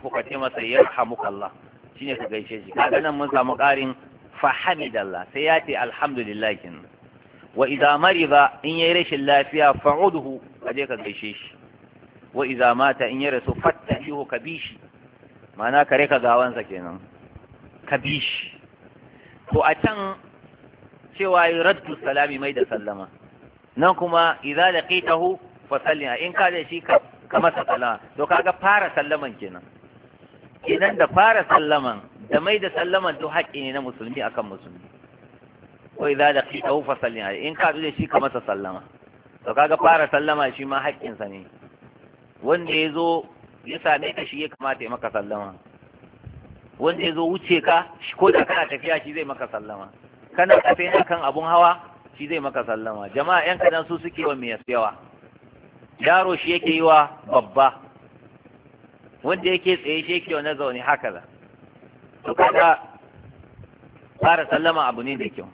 ko ka ce masa yarhamukallah shine ka gaishe shi kaga nan mun samu karin fa hamidallah sai ya ce alhamdulillah kin wa iza mariba in yi rashin lafiya fa'udhu je ka gaishe shi wa iza mata in ya rasu fattabihu ka bi shi ma'ana kare ka gawansa kenan ka bi shi to a can cewa yi raddu salami mai da sallama nan kuma idza laqitahu fa a in ka da shi ka masa sallama to kaga fara sallaman kenan idan da fara sallaman da mai da sallaman to haƙƙi ne na musulmi akan musulmi ko idza laqitahu fa a in ka da shi ka masa sallama to kaga fara sallama shi ma haƙƙinsa ne wanda ya zo ya same ka shi ya kamata ya maka sallama wanda ya zo wuce ka ko da kana tafiya shi zai maka sallama kana kafe na kan abun hawa shi zai maka sallama jama'a yan kadan su suke wa mai yawa yaro shi yake yi wa babba wanda yake tsaye shi yake wani zaune haka da to kada fara sallama abu ne da kyau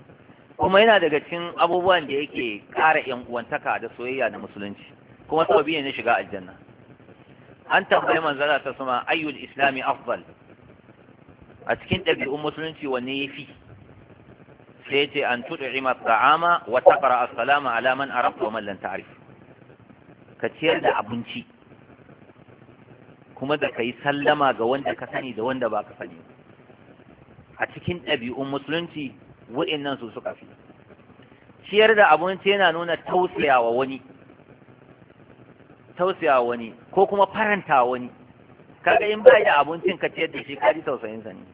kuma yana daga cikin abubuwan da yake ƙara yan uwantaka da soyayya da musulunci kuma sababi ne na shiga aljanna an tambayi manzara ta sama ayyul islami afdal a cikin ɗabi'un musulunci wanne ya fi sai ce an tud'ima ta'ama wa taqra as alaman ala wa man lam ka ciyar da abinci kuma da ka yi sallama ga wanda ka sani da wanda ba ka sani a cikin ɗabi'un musulunci nan su suka fi ciyar da abinci yana nuna tausayawa wani tausaya wani ko kuma faranta wani kaga in ba da abincin ka ciyar da shi ka ji tausayin sa ne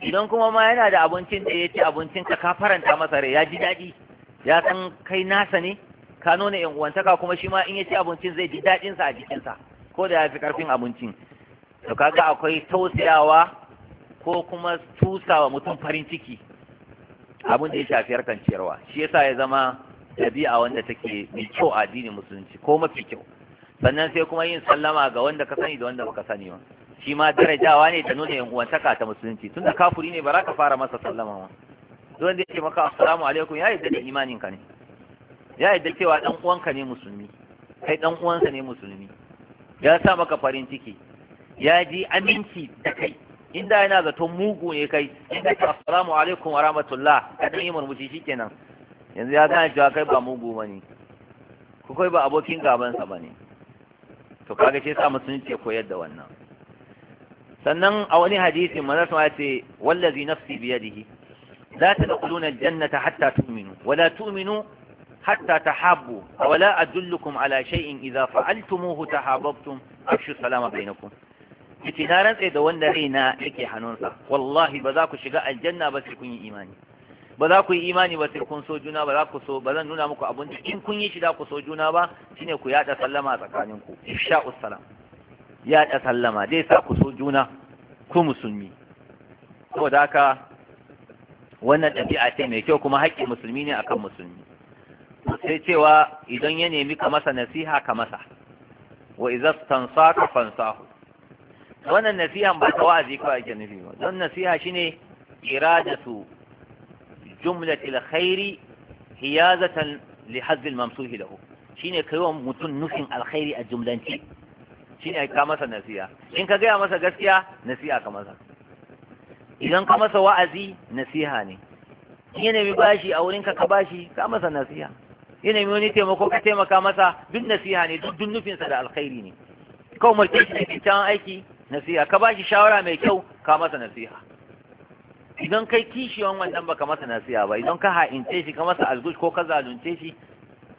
idan kuma ma yana da abincin da ya ci abincin ka ka faranta masa rai ya ji daɗi ya san kai nasa ne ka nuna yan uwantaka kuma shi ma in ya ci abincin zai ji daɗin sa a jikin sa ko da ya fi karfin abincin to kaga akwai tausayawa ko kuma tusawa mutum farin ciki abin da ya shafi harkan ciyarwa shi yasa ya zama dabi'a wanda take mai kyau a addinin musulunci ko mafi kyau sannan sai kuma yin sallama ga wanda ka sani da wanda baka sani ba shi ma darajawa ne da nuna yankuwantaka ta musulunci tun da kafuri ne ba za ka fara masa sallama ba. don wanda ya ce maka assalamu alaikum ya yadda da imanin ka ne ya yadda cewa dan uwanka ne musulmi kai dan uwansa ne musulmi ya sa maka farin ciki ya ji aminci da kai inda yana zaton mugu ne kai inda ka assalamu alaikum wa rahmatullah ka dan yi murmushi shikenan yanzu ya gane cewa kai ba mugu bane ko kai ba abokin gabansa bane to kaga shi yasa musulunci ya koyar da wannan sannan a wani hadisi manzo ya ce wallazi nafsi biyadihi la tadkhuluna aljannata hatta tu'minu wa la tu'minu hatta tahabbu wa la adullukum ala shay'in idza fa'altumuhu tahabbtum afshu salama bainakum yace na rantsa da wanda raina yake hannunsa wallahi ba za ku shiga aljanna ba sai kun yi imani ba za ku yi imani ba sai kun so juna ba za ku so ba zan nuna muku abun in kun yi shi za ku so juna ba shine ku yada sallama a tsakanin ku ifsha ussalam yada sallama dai sa ku so juna ku musulmi saboda haka wannan ɗabi'a ce mai kyau kuma haƙƙin musulmi ne akan musulmi sai cewa idan ya nemi ka masa nasiha ka masa wa idza tansaka fansahu wannan nasihan ba ta wa'azi kawai ake nufi ba don nasiha shine iradatu jumlat alkhairi hiyazatan li hazz almamsuhi lahu shine kaiwa mutum nufin alkhairi a jumlanci shine ka masa nasiha in ka gaya masa gaskiya nasiha ka masa idan ka masa wa'azi nasiha ne in bashi a wurin ka bashi ka masa nasiha ya wani taimako ka taimaka masa duk nasiha ne duk nufinsa da alkhairi ne ka umarce shi da aiki nasiha ka bashi shawara mai kyau ka masa nasiha idan kai kishiyar wannan baka masa nasiya ba idan ka ha'ince shi ka masa algush ko ka zalunce shi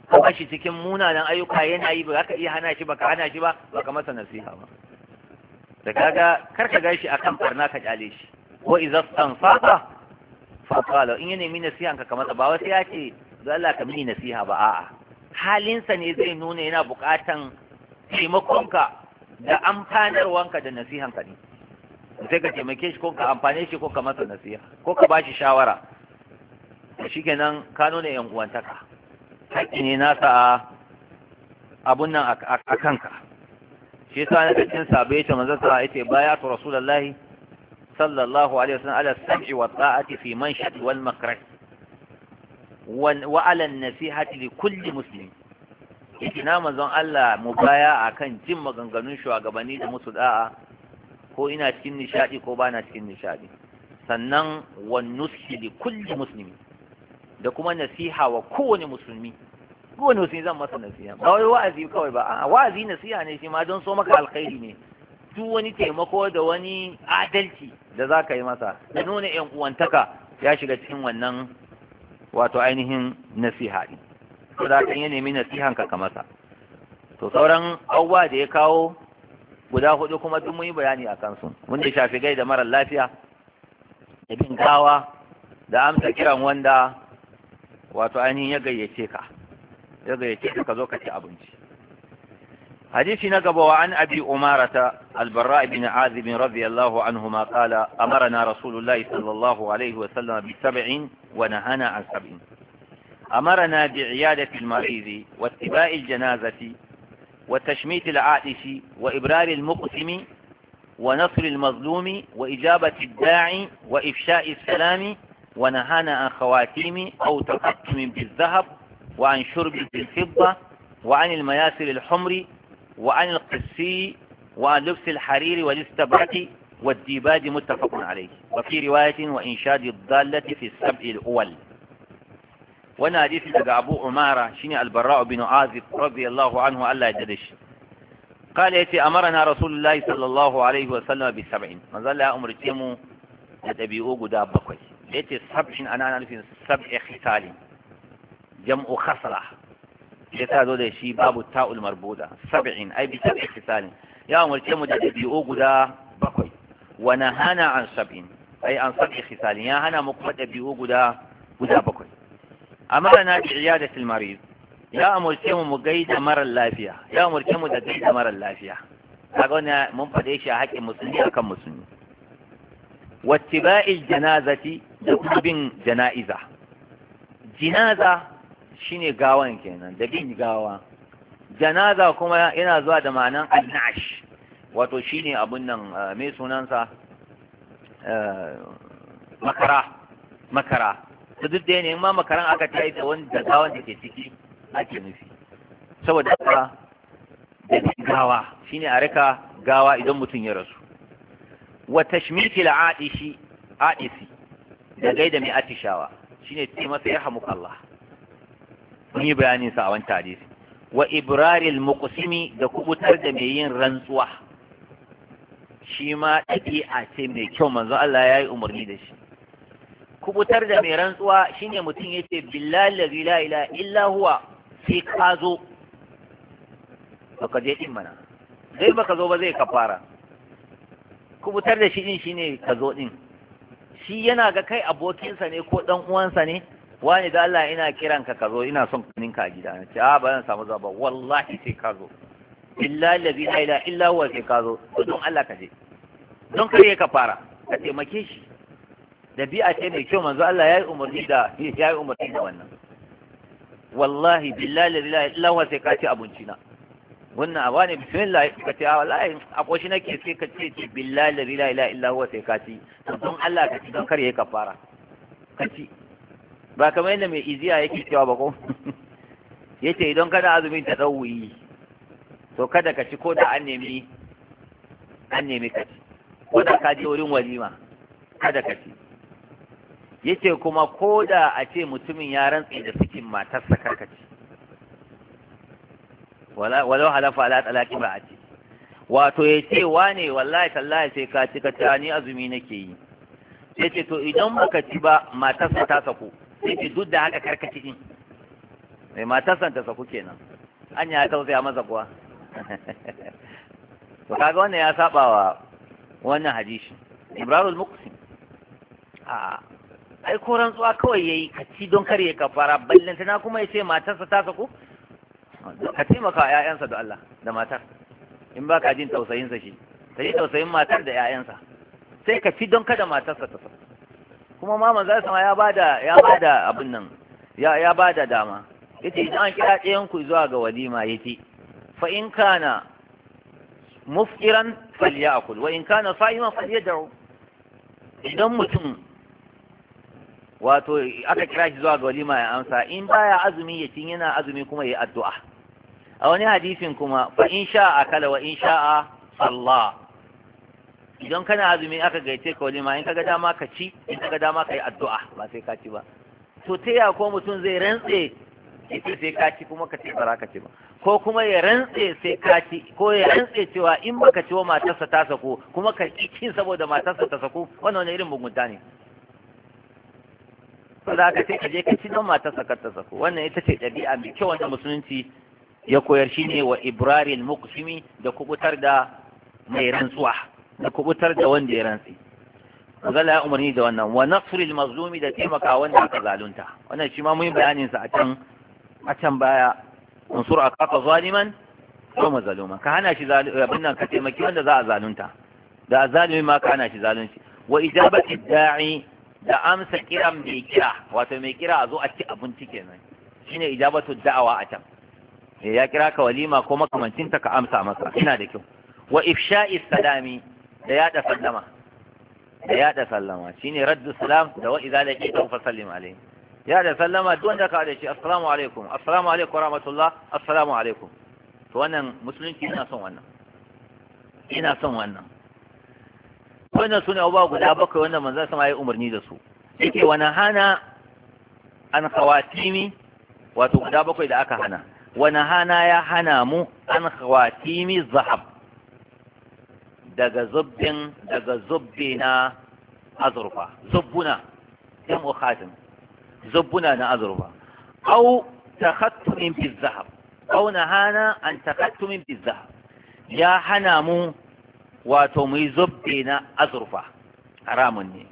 ka shi cikin munanan ayyuka yana yi ba ka iya hana shi baka hana shi ba baka masa nasiha ba da kaga kar ka gashi akan barna ka kyale shi ko idza stanfaqa fa qala in yana min nasiha ka kamata ba wai ya ce don Allah ka mini nasiha ba a'a halinsa ne zai nuna yana bukatan taimakonka da amfanarwanka da nasihanka ne sai ka taimake shi ko ka amfane shi ko ka masa nasiha ko ka bashi shawara shikenan ka nuna yan uwantaka haƙƙi ne nasa a abun nan a kanka shi yasa na cikin sabai ta manzon sa yace baya to rasulullahi sallallahu alaihi wasallam ala sam'i wa ta'ati fi manshad wal makrah wa ala an-nasihati li kulli muslim yace na manzon Allah mu baya akan jin maganganun shugabanni da musu da'a ko ina cikin nishadi ko bana cikin nishadi sannan wan nusi li kulli muslimi da kuma nasiha wa kowane musulmi kowane musulmi zan masa nasiha ba wai wa'azi kawai ba a wa'azi nasiha ne shi ma don so maka alkhairi ne duk wani taimako da wani adalci da za ka yi masa da nuna yan uwantaka ya shiga cikin wannan wato ainihin nasiha ne to da kan ya nemi nasihan ka ka masa to sauran abubuwa da ya kawo guda hudu kuma duk mun yi bayani a kansu mun da shafi gai da marar lafiya da bin gawa da amsa kiran wanda wato ainihin ya gayyace ka ya gayyace ka ka zo ka ci abinci حديث نقب وعن أبي أمارة البراء بن عازب رضي الله عنهما قال أمرنا رسول الله صلى الله عليه وسلم بسبع ونهانا عن سبع أمرنا بعيادة المريض واتباع الجنازة وتشميت العائش وإبرار المقسم ونصر المظلوم وإجابة الداعي وإفشاء السلام ونهانا عن خواتيم أو تقطم بالذهب وعن شرب بالفضة وعن المياسر الحمر وعن القسي وعن لبس الحرير والاستبرك والديباج متفق عليه وفي رواية وإنشاد الضالة في السبع الأول wani hadisi daga abu umara shine albara bin azib radiyallahu anhu Allah ya dade shi kala yace amarna rasulullahi sallallahu alaihi wa sallam bi 70 manzala umrice mu da dabi'u guda bakwai yace 70 ana ana nufin sab'i khitali jam'u khasra ya ta zo shi babu ta'ul marbuda 70 ai bi sab'i ya umrice mu da dabi'u guda bakwai wa nahana an 70 ai ya hana mu kuma dabi'u guda bakwai a bi da al-marid ya amurce mu mu gaida marar lafiya ya amurce mu da gaida marar lafiya kaga wannan mun fade shi a haƙƙin musulmi akan musulmi wattiba'il janazati da bin jana'iza jinaza shine gawan kenan da bin gawa janaza kuma yana zuwa da ma'anan annash wato shine abun nan mai sunansa makara makara ta duk da yanayin ma makaran aka ta yi da wani gaggawan da ke ciki ake nufi saboda haka da gawa shine a rika gawa idan mutum ya rasu wa tashmikil aishi aisi da gaida mai atishawa shine ta masa yarhamuka Allah mun yi bayanin sa a wani tarihi. wa Ibrahim muqsimi da kubutar da mai yin rantsuwa shi ma a ce mai kyau manzo Allah ya yi umarni da shi kubutar da mai rantsuwa shine mutum ya ce billahi la ilaha illa huwa sai ka zo baka je din mana zai baka zo ba zai kafara kubutar da shi din shine ka zo din shi yana ga kai abokinsa ne ko dan uwansa ne wani da Allah ina kiran ka ka zo ina son kanin ka gida na ce a ah, ba zan samu zaba wallahi sai ka zo billahi la ilaha illa huwa sai ka zo don Allah ka je don kare ka fara ka taimake shi dabi'a ce mai kyau manzo Allah yi umarni da yi umarni da wannan wallahi billahi lillahi ilaha sai ka ci abinci na wannan abu ne bismillah ka ce a ah, wallahi a koshi nake sai ka ce ce billahi la ilaha illa sai ka ci to don Allah ka ci don kar yayi kafara ka ci ba kamar yadda mai iziya yake cewa ba ko <laughs> yace idan kana azumin ta dawuyi to kada ka ci ko da an nemi an nemi ka ci ko da ka je wurin walima kada ka ci yace kuma ko da a ce mutumin ya rantsi da cikin matarsa karkace walau halafa ala talaki ba a ce wato ya ce wane wallahi tallahi sai ka ci ka ci ni azumi nake yi sai ce to idan baka ci ba matarsa ta sako sai ce duk da haka karkace din mai matarsa ta sako kenan an ya tausaya masa kuwa <laughs> to kaga wannan ya saba wa wannan hadisi ibrahim al-muqsim a ai ko rantsuwa kawai yayi ka ci don kare ya kafara ballanta na kuma yace matarsa ta saku ka taimaka wa ƴaƴansa da Allah da matar in ba ka jin tausayin sa shi ka ji tausayin matar da ƴaƴansa sai ka ci don kada matarsa ta saku kuma ma manzo sama ya bada ya bada abin nan ya ya bada dama yace idan an kira ɗayan ku zuwa ga walima yace fa in kana mufkiran falyakul wa in kana sa'iman falyad'u idan mutum wato aka kira shi zuwa ga walima ya amsa in baya azumi ya cin yana azumi kuma ya addu'a a wani hadisin kuma fa in sha'a kala wa in sha'a Allah idan kana azumi aka gaice ka walima in kaga dama ka ci in kaga dama ka yi addu'a ba sai ka ci ba to ta ya ko mutum zai rantse ita sai ka ci kuma ka ce ba ka ci ba ko kuma ya rantse sai ka ci ko ya rantse cewa in baka ci wa matarsa ta sako kuma ka ci saboda matarsa ta sako wannan wani irin mugunta ne so da aka ce ka je ka ci don mata sakar ta sako wannan ita ce ɗabi'a mai kyau wanda musulunci ya koyar shi ne wa Ibrahim muqsimi da kubutar da mai rantsuwa da kubutar da wanda ya rantsi zala ya umarni da wannan wa nasril mazlumi da taimaka wanda aka zalunta wannan shi ma mun yi bayanin sa a can a can baya unsur akaka zaliman ko mazaluma ka hana shi abin nan ka taimaki wanda za a zalunta da zalimi ma ka hana shi zalunci wa ijabati da'i da amsa kiran mai kira wato mai kira a zo a ci abinci kenan shine ijabatu da'awa a can eh, ya kira ka walima ko makamancinta ka amsa masa ina da kyau wa ifsha'i salami da yada sallama da yada sallama shine raddu salam da wa idza laqita fa sallim alayhi yada sallama duk wanda ka da shi assalamu alaikum assalamu alaikum rahmatullah assalamu alaikum to wannan musulunci ina son wannan ina son wannan wannan sune abubuwa guda bakwai wanda manzon sama ya umarni da su yake wani hana an khawatimi wato guda bakwai da aka hana wani hana ya hana mu an khawatimi zahab daga zubbin daga zubbi na azurfa zubbuna jam'u khatim zubbuna na azurfa au takhattumin fi zahab au nahana an takhattumin fi zahab ya hana mu wato mu yi zubbe na azurfa haramun ne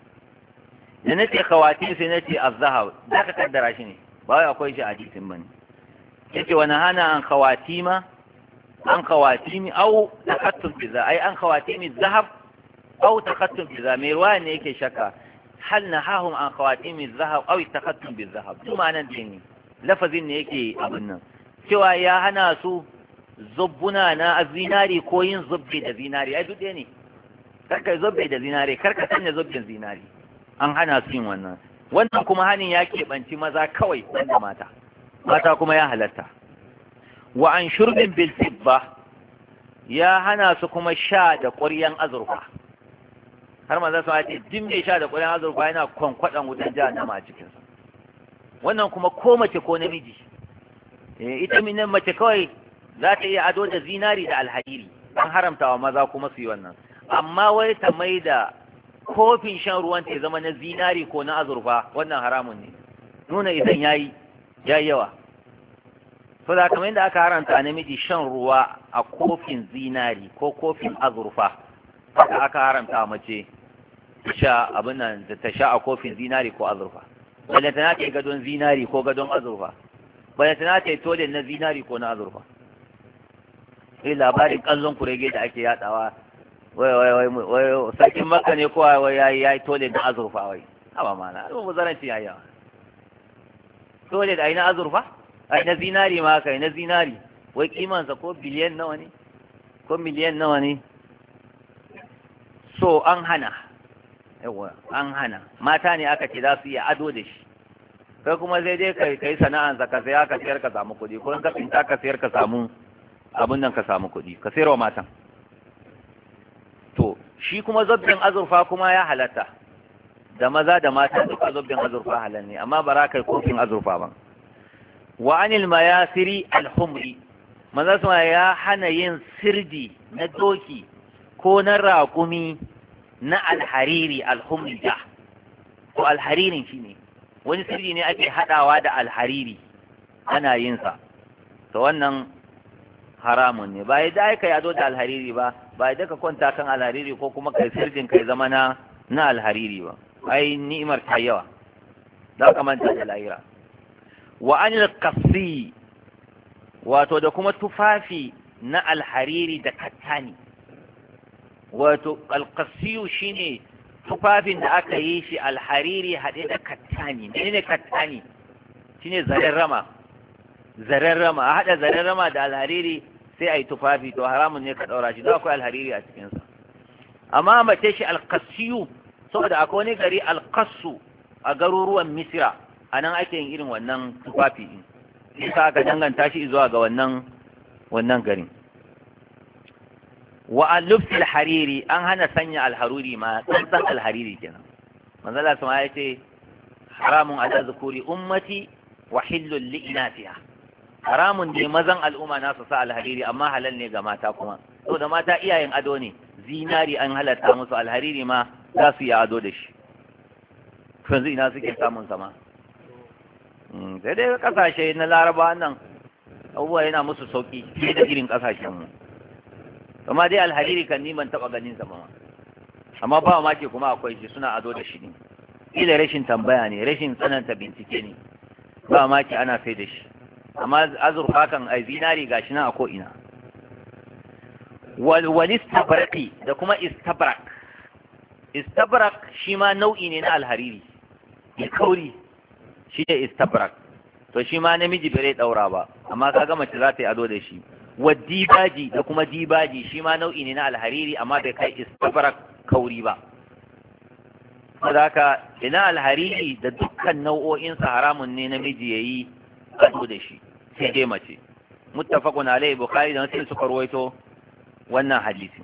da na ce kawatin sai na ce azahar za ka kaddara shi ne ba wai akwai shi a jikin ba ne yake wani hana an kawatima an mi au takattun biza ai an mi zahab au takattun biza mai ruwa ne yake shakka hal na hahun an mi zahab au takattun bizahab zahab. Kuma nan ne lafazin ne yake abin nan cewa ya hana su zubbuna na zinari ko yin zubbe da zinari ai dude ne karka zubbe da zinari karka sanya zubbin zinari an hana su yin wannan wannan kuma hanin ya keɓanci maza kawai wanda mata mata kuma ya halatta wa an shurbin bil tibba ya hana su kuma sha da ƙuryan azurfa har maza su ce din mai sha da ƙuryan azurfa yana kwankwaɗan wutan jahannama a cikinsa wannan kuma ko mace ko namiji eh, ita minan mace kawai za ta iya ado da zinari da alhadiri an haramta wa maza kuma su yi wannan amma wai ta mai da kofin shan ruwan ta zama na zinari ko na azurfa wannan haramun ne nuna idan yayi yayi yawa so da kamar yadda aka haramta namiji shan ruwa a kofin zinari ko kofin azurfa haka aka haramta mace sha abin nan da ta sha a kofin zinari ko azurfa balantana ta yi gadon zinari ko gadon azurfa balantana ta yi tolin na zinari ko na azurfa sai labarin kallon kurege da ake yadawa wai wai wai sarkin makka ne kowa wai yayi yayi tole da azurfa wai haba mana albu muzaranci yayi yawa tole da aina azurfa ai na zinari ma kai na zinari wai sa ko biliyan nawa ne ko miliyan nawa ne so an hana yawa an hana mata ne aka ce za su iya ado da shi kai kuma zai dai kai kai sana'ansa ka sai aka sayar ka samu kuɗi ko in ka tsinta ka sayar ka samu abin nan ka samu kuɗi ka sayarwa matan to shi kuma zabbin azurfa kuma ya halatta da maza da mata duka zabbin azurfa halal ne amma ba za ka kofin azurfa ba wa anil mayasiri alhumri maza su ya hana yin sirdi na doki ko na raƙumi na alhariri alhumri da ko alharirin shi ne wani sirdi ne ake haɗawa da alhariri ana yinsa ta wannan haramun ne ba yadda aika yado da alhariri ba ba yadda ka kwanta kan alhariri ko kuma kai sirjin kai zama na na alhariri ba ai ni'imar ta yawa za ka manta da lahira wa anil qassi wato da kuma tufafi na alhariri da kattani wato alqassiyu shine tufafin da aka yi shi alhariri haɗe da kattani ne kattani shine zaren rama zaren rama a haɗa zaren rama da alhariri sai a yi tufafi to haramun ne ka ɗaura shi za akwai alhariri a cikinsa amma mace shi alkasiyu saboda akwai wani gari alkasu a garuruwan misira a nan ake yin irin wannan tufafi ɗin sa aka danganta shi zuwa ga wannan wannan garin wa alufil hariri an hana sanya alharuri ma tsantsan alhariri kenan manzala sama ya ce haramun ala zukuri ummati wa hillun li haramun ne mazan al'umma na su sa alhariri amma halal ne ga mata kuma saboda mata iyayen ado ne zinari an halatta musu alhariri ma za su yi ado da shi yanzu ina suke samun sama hmm, sai dai kasashe na laraba nan abubuwa yana musu sauki fiye da irin kasashen mu amma dai alhariri kan niman taba ganin sa ma amma ba ma ke kuma akwai shi suna ado da shi ne ila rashin tambaya ne rashin tsananta bincike ne ba ma ke ana sai da shi amma azurfa kan a zinari shi nan a ko'ina. wani wal da kuma istabrak istabrak shi ma nau'i ne na alhariri ya kauri shi ne istabrak to shi ma namiji bere daura ba amma gama ci za ta yi ado da shi wa dibaji da kuma dibaji shi ma nau'i ne na alhariri amma bai kai istabrak kauri ba ina alhariri da dukkan nau'o'insa haramun ne namiji ya yi. ado da shi sai dai mace muttafaqun alayhi bukhari da sun suka ruwaito wannan hadisi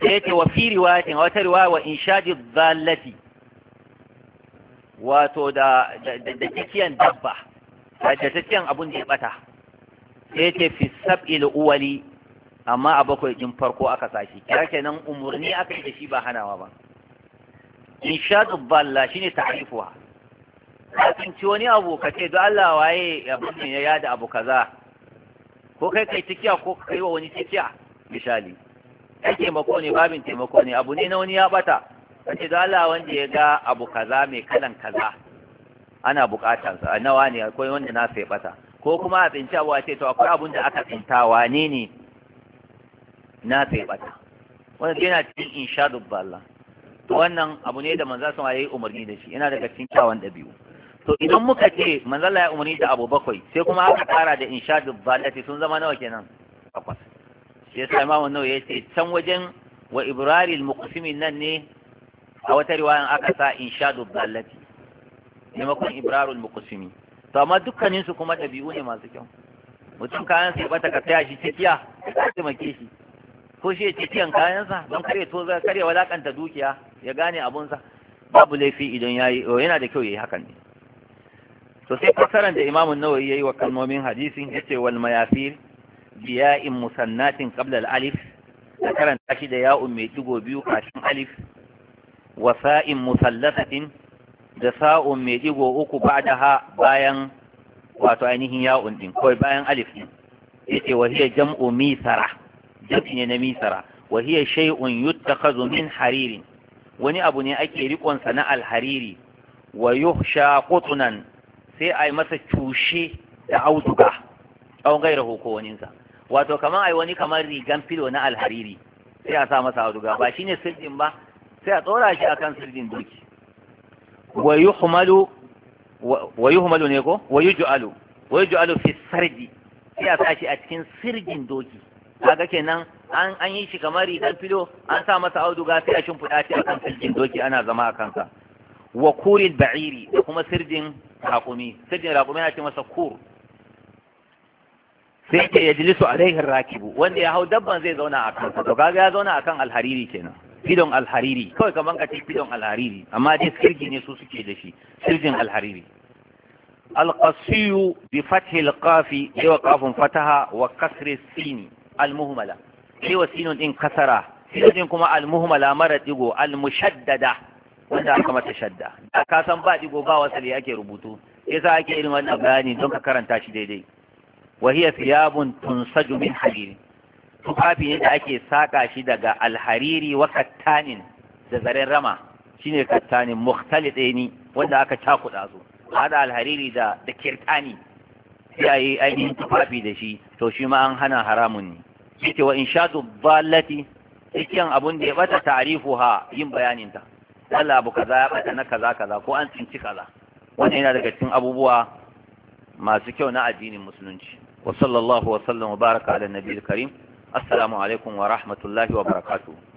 sai ta wa fi riwayatin wa ta riwaya wa inshaji dhallati wato da da tikiyan dabba da tikiyan abun da ya bata sai ta fi sab'il uwali amma a bakwai din farko aka sashi kira kenan umurni aka yi da shi ba hanawa ba inshaji dhalla shine ta'rifuha kafin ci wani abu ka ce don Allah waye ya bunne ya yada abu kaza ko kai kai tikiya ko kai wa wani tikiya misali kai taimako ne babin taimako ne abu ne na wani ya bata ka ce don Allah wanda ya ga abu kaza mai kalan kaza ana bukatar sa na ne akwai wanda na sai bata ko kuma a tsinci abu a ce to akwai abun da aka tsinta wane ne na sai bata wanda yana cikin insha dubba Allah wannan abu ne da manzo sun ayi umarni da shi yana daga cikin kyawun dabi'u to idan muka ce manzala ya umarni da abu bakwai sai kuma aka kara da da balati sun zama nawa kenan takwas shi yasa imamu ya ce, can wajen wa ibrari al-muqsimin nan ne a wata riwayan aka sa ne zalati maimakon ibrarul muqsimi to amma dukkanin su kuma dabi'u ne masu kyau mutum kayan sai bata ka taya shi cikiya ka taimake shi ko shi ya cikiyan sa don kare to kare wadakanta dukiya ya gane abunsa babu laifi idan yayi yana da kyau yayi hakan ne to sai fassaran da imamun nawawi yayi wa kalmomin hadisin yace wal biya biya'in musannatin qabla al alif da karanta shi da ya'un mai digo biyu kafin alif wa sa'in musallasatin da sa'un mai digo uku ha bayan wato ainihin ya'un din kawai bayan alif din yace wa hiya jam'u misara jam'i ne na misara wa hiya shay'un yuttakhadhu min haririn wani abu ne ake rikon sa na alhariri wa yuhsha qutunan sai a yi masa cushe da auduga a gaira hoko waninsa wato kamar a yi wani kamar rigan filo na alhariri sai a sa masa auduga ba shi ne sirdin ba sai a tsora shi kan sirdin doki wa humalu. wa ne ko wa ju'alu. wa ju'alu fi sardi sai a sa shi a cikin sirgin doki kaga kenan an an yi shi kamar rigan filo an sa masa auduga sai a shimfiɗa shi kan sirgin doki ana zama a kansa wa kuril ba'iri da kuma sirjin raƙumi sirjin raƙumi yana ce masa kur sai ke ya jilisu alaihin rakibu wanda ya hau dabban zai zauna a kansa to kaga ya zauna a kan alhariri kenan fidon alhariri kawai kaman ka ce fidon alhariri amma dai sirgi ne su suke da shi sirjin alhariri القصي wa ƙafin fataha wa فتحة sini السين المهملة ايوا سين kasara كسرة سين kuma mara ɗigo al-Mushaddada. wanda aka mata shadda da ka san ba digo ba wasali ake rubutu yasa ake irin wannan bayani don ka karanta shi daidai wa hiya thiyabun tunsaju min hariri tufafi ne da ake saka shi daga alhariri wa kattanin da zaren rama shine kattanin ne wanda aka cakuda su hada alhariri da da kirkani sai yi ainihin tufafi da shi to shi ma an hana haramun ne yake wa inshadu dallati ikiyan abun da ya bata ta'rifuha yin bayaninta Allah abu kaza ya ɓata na kaza kaza ko an tsinci kaza wannan yana daga cikin abubuwa masu kyau na addinin musulunci wa sallallahu wa sallam wa baraka ala nabiyil karim assalamu alaikum wa rahmatullahi wa barakatuh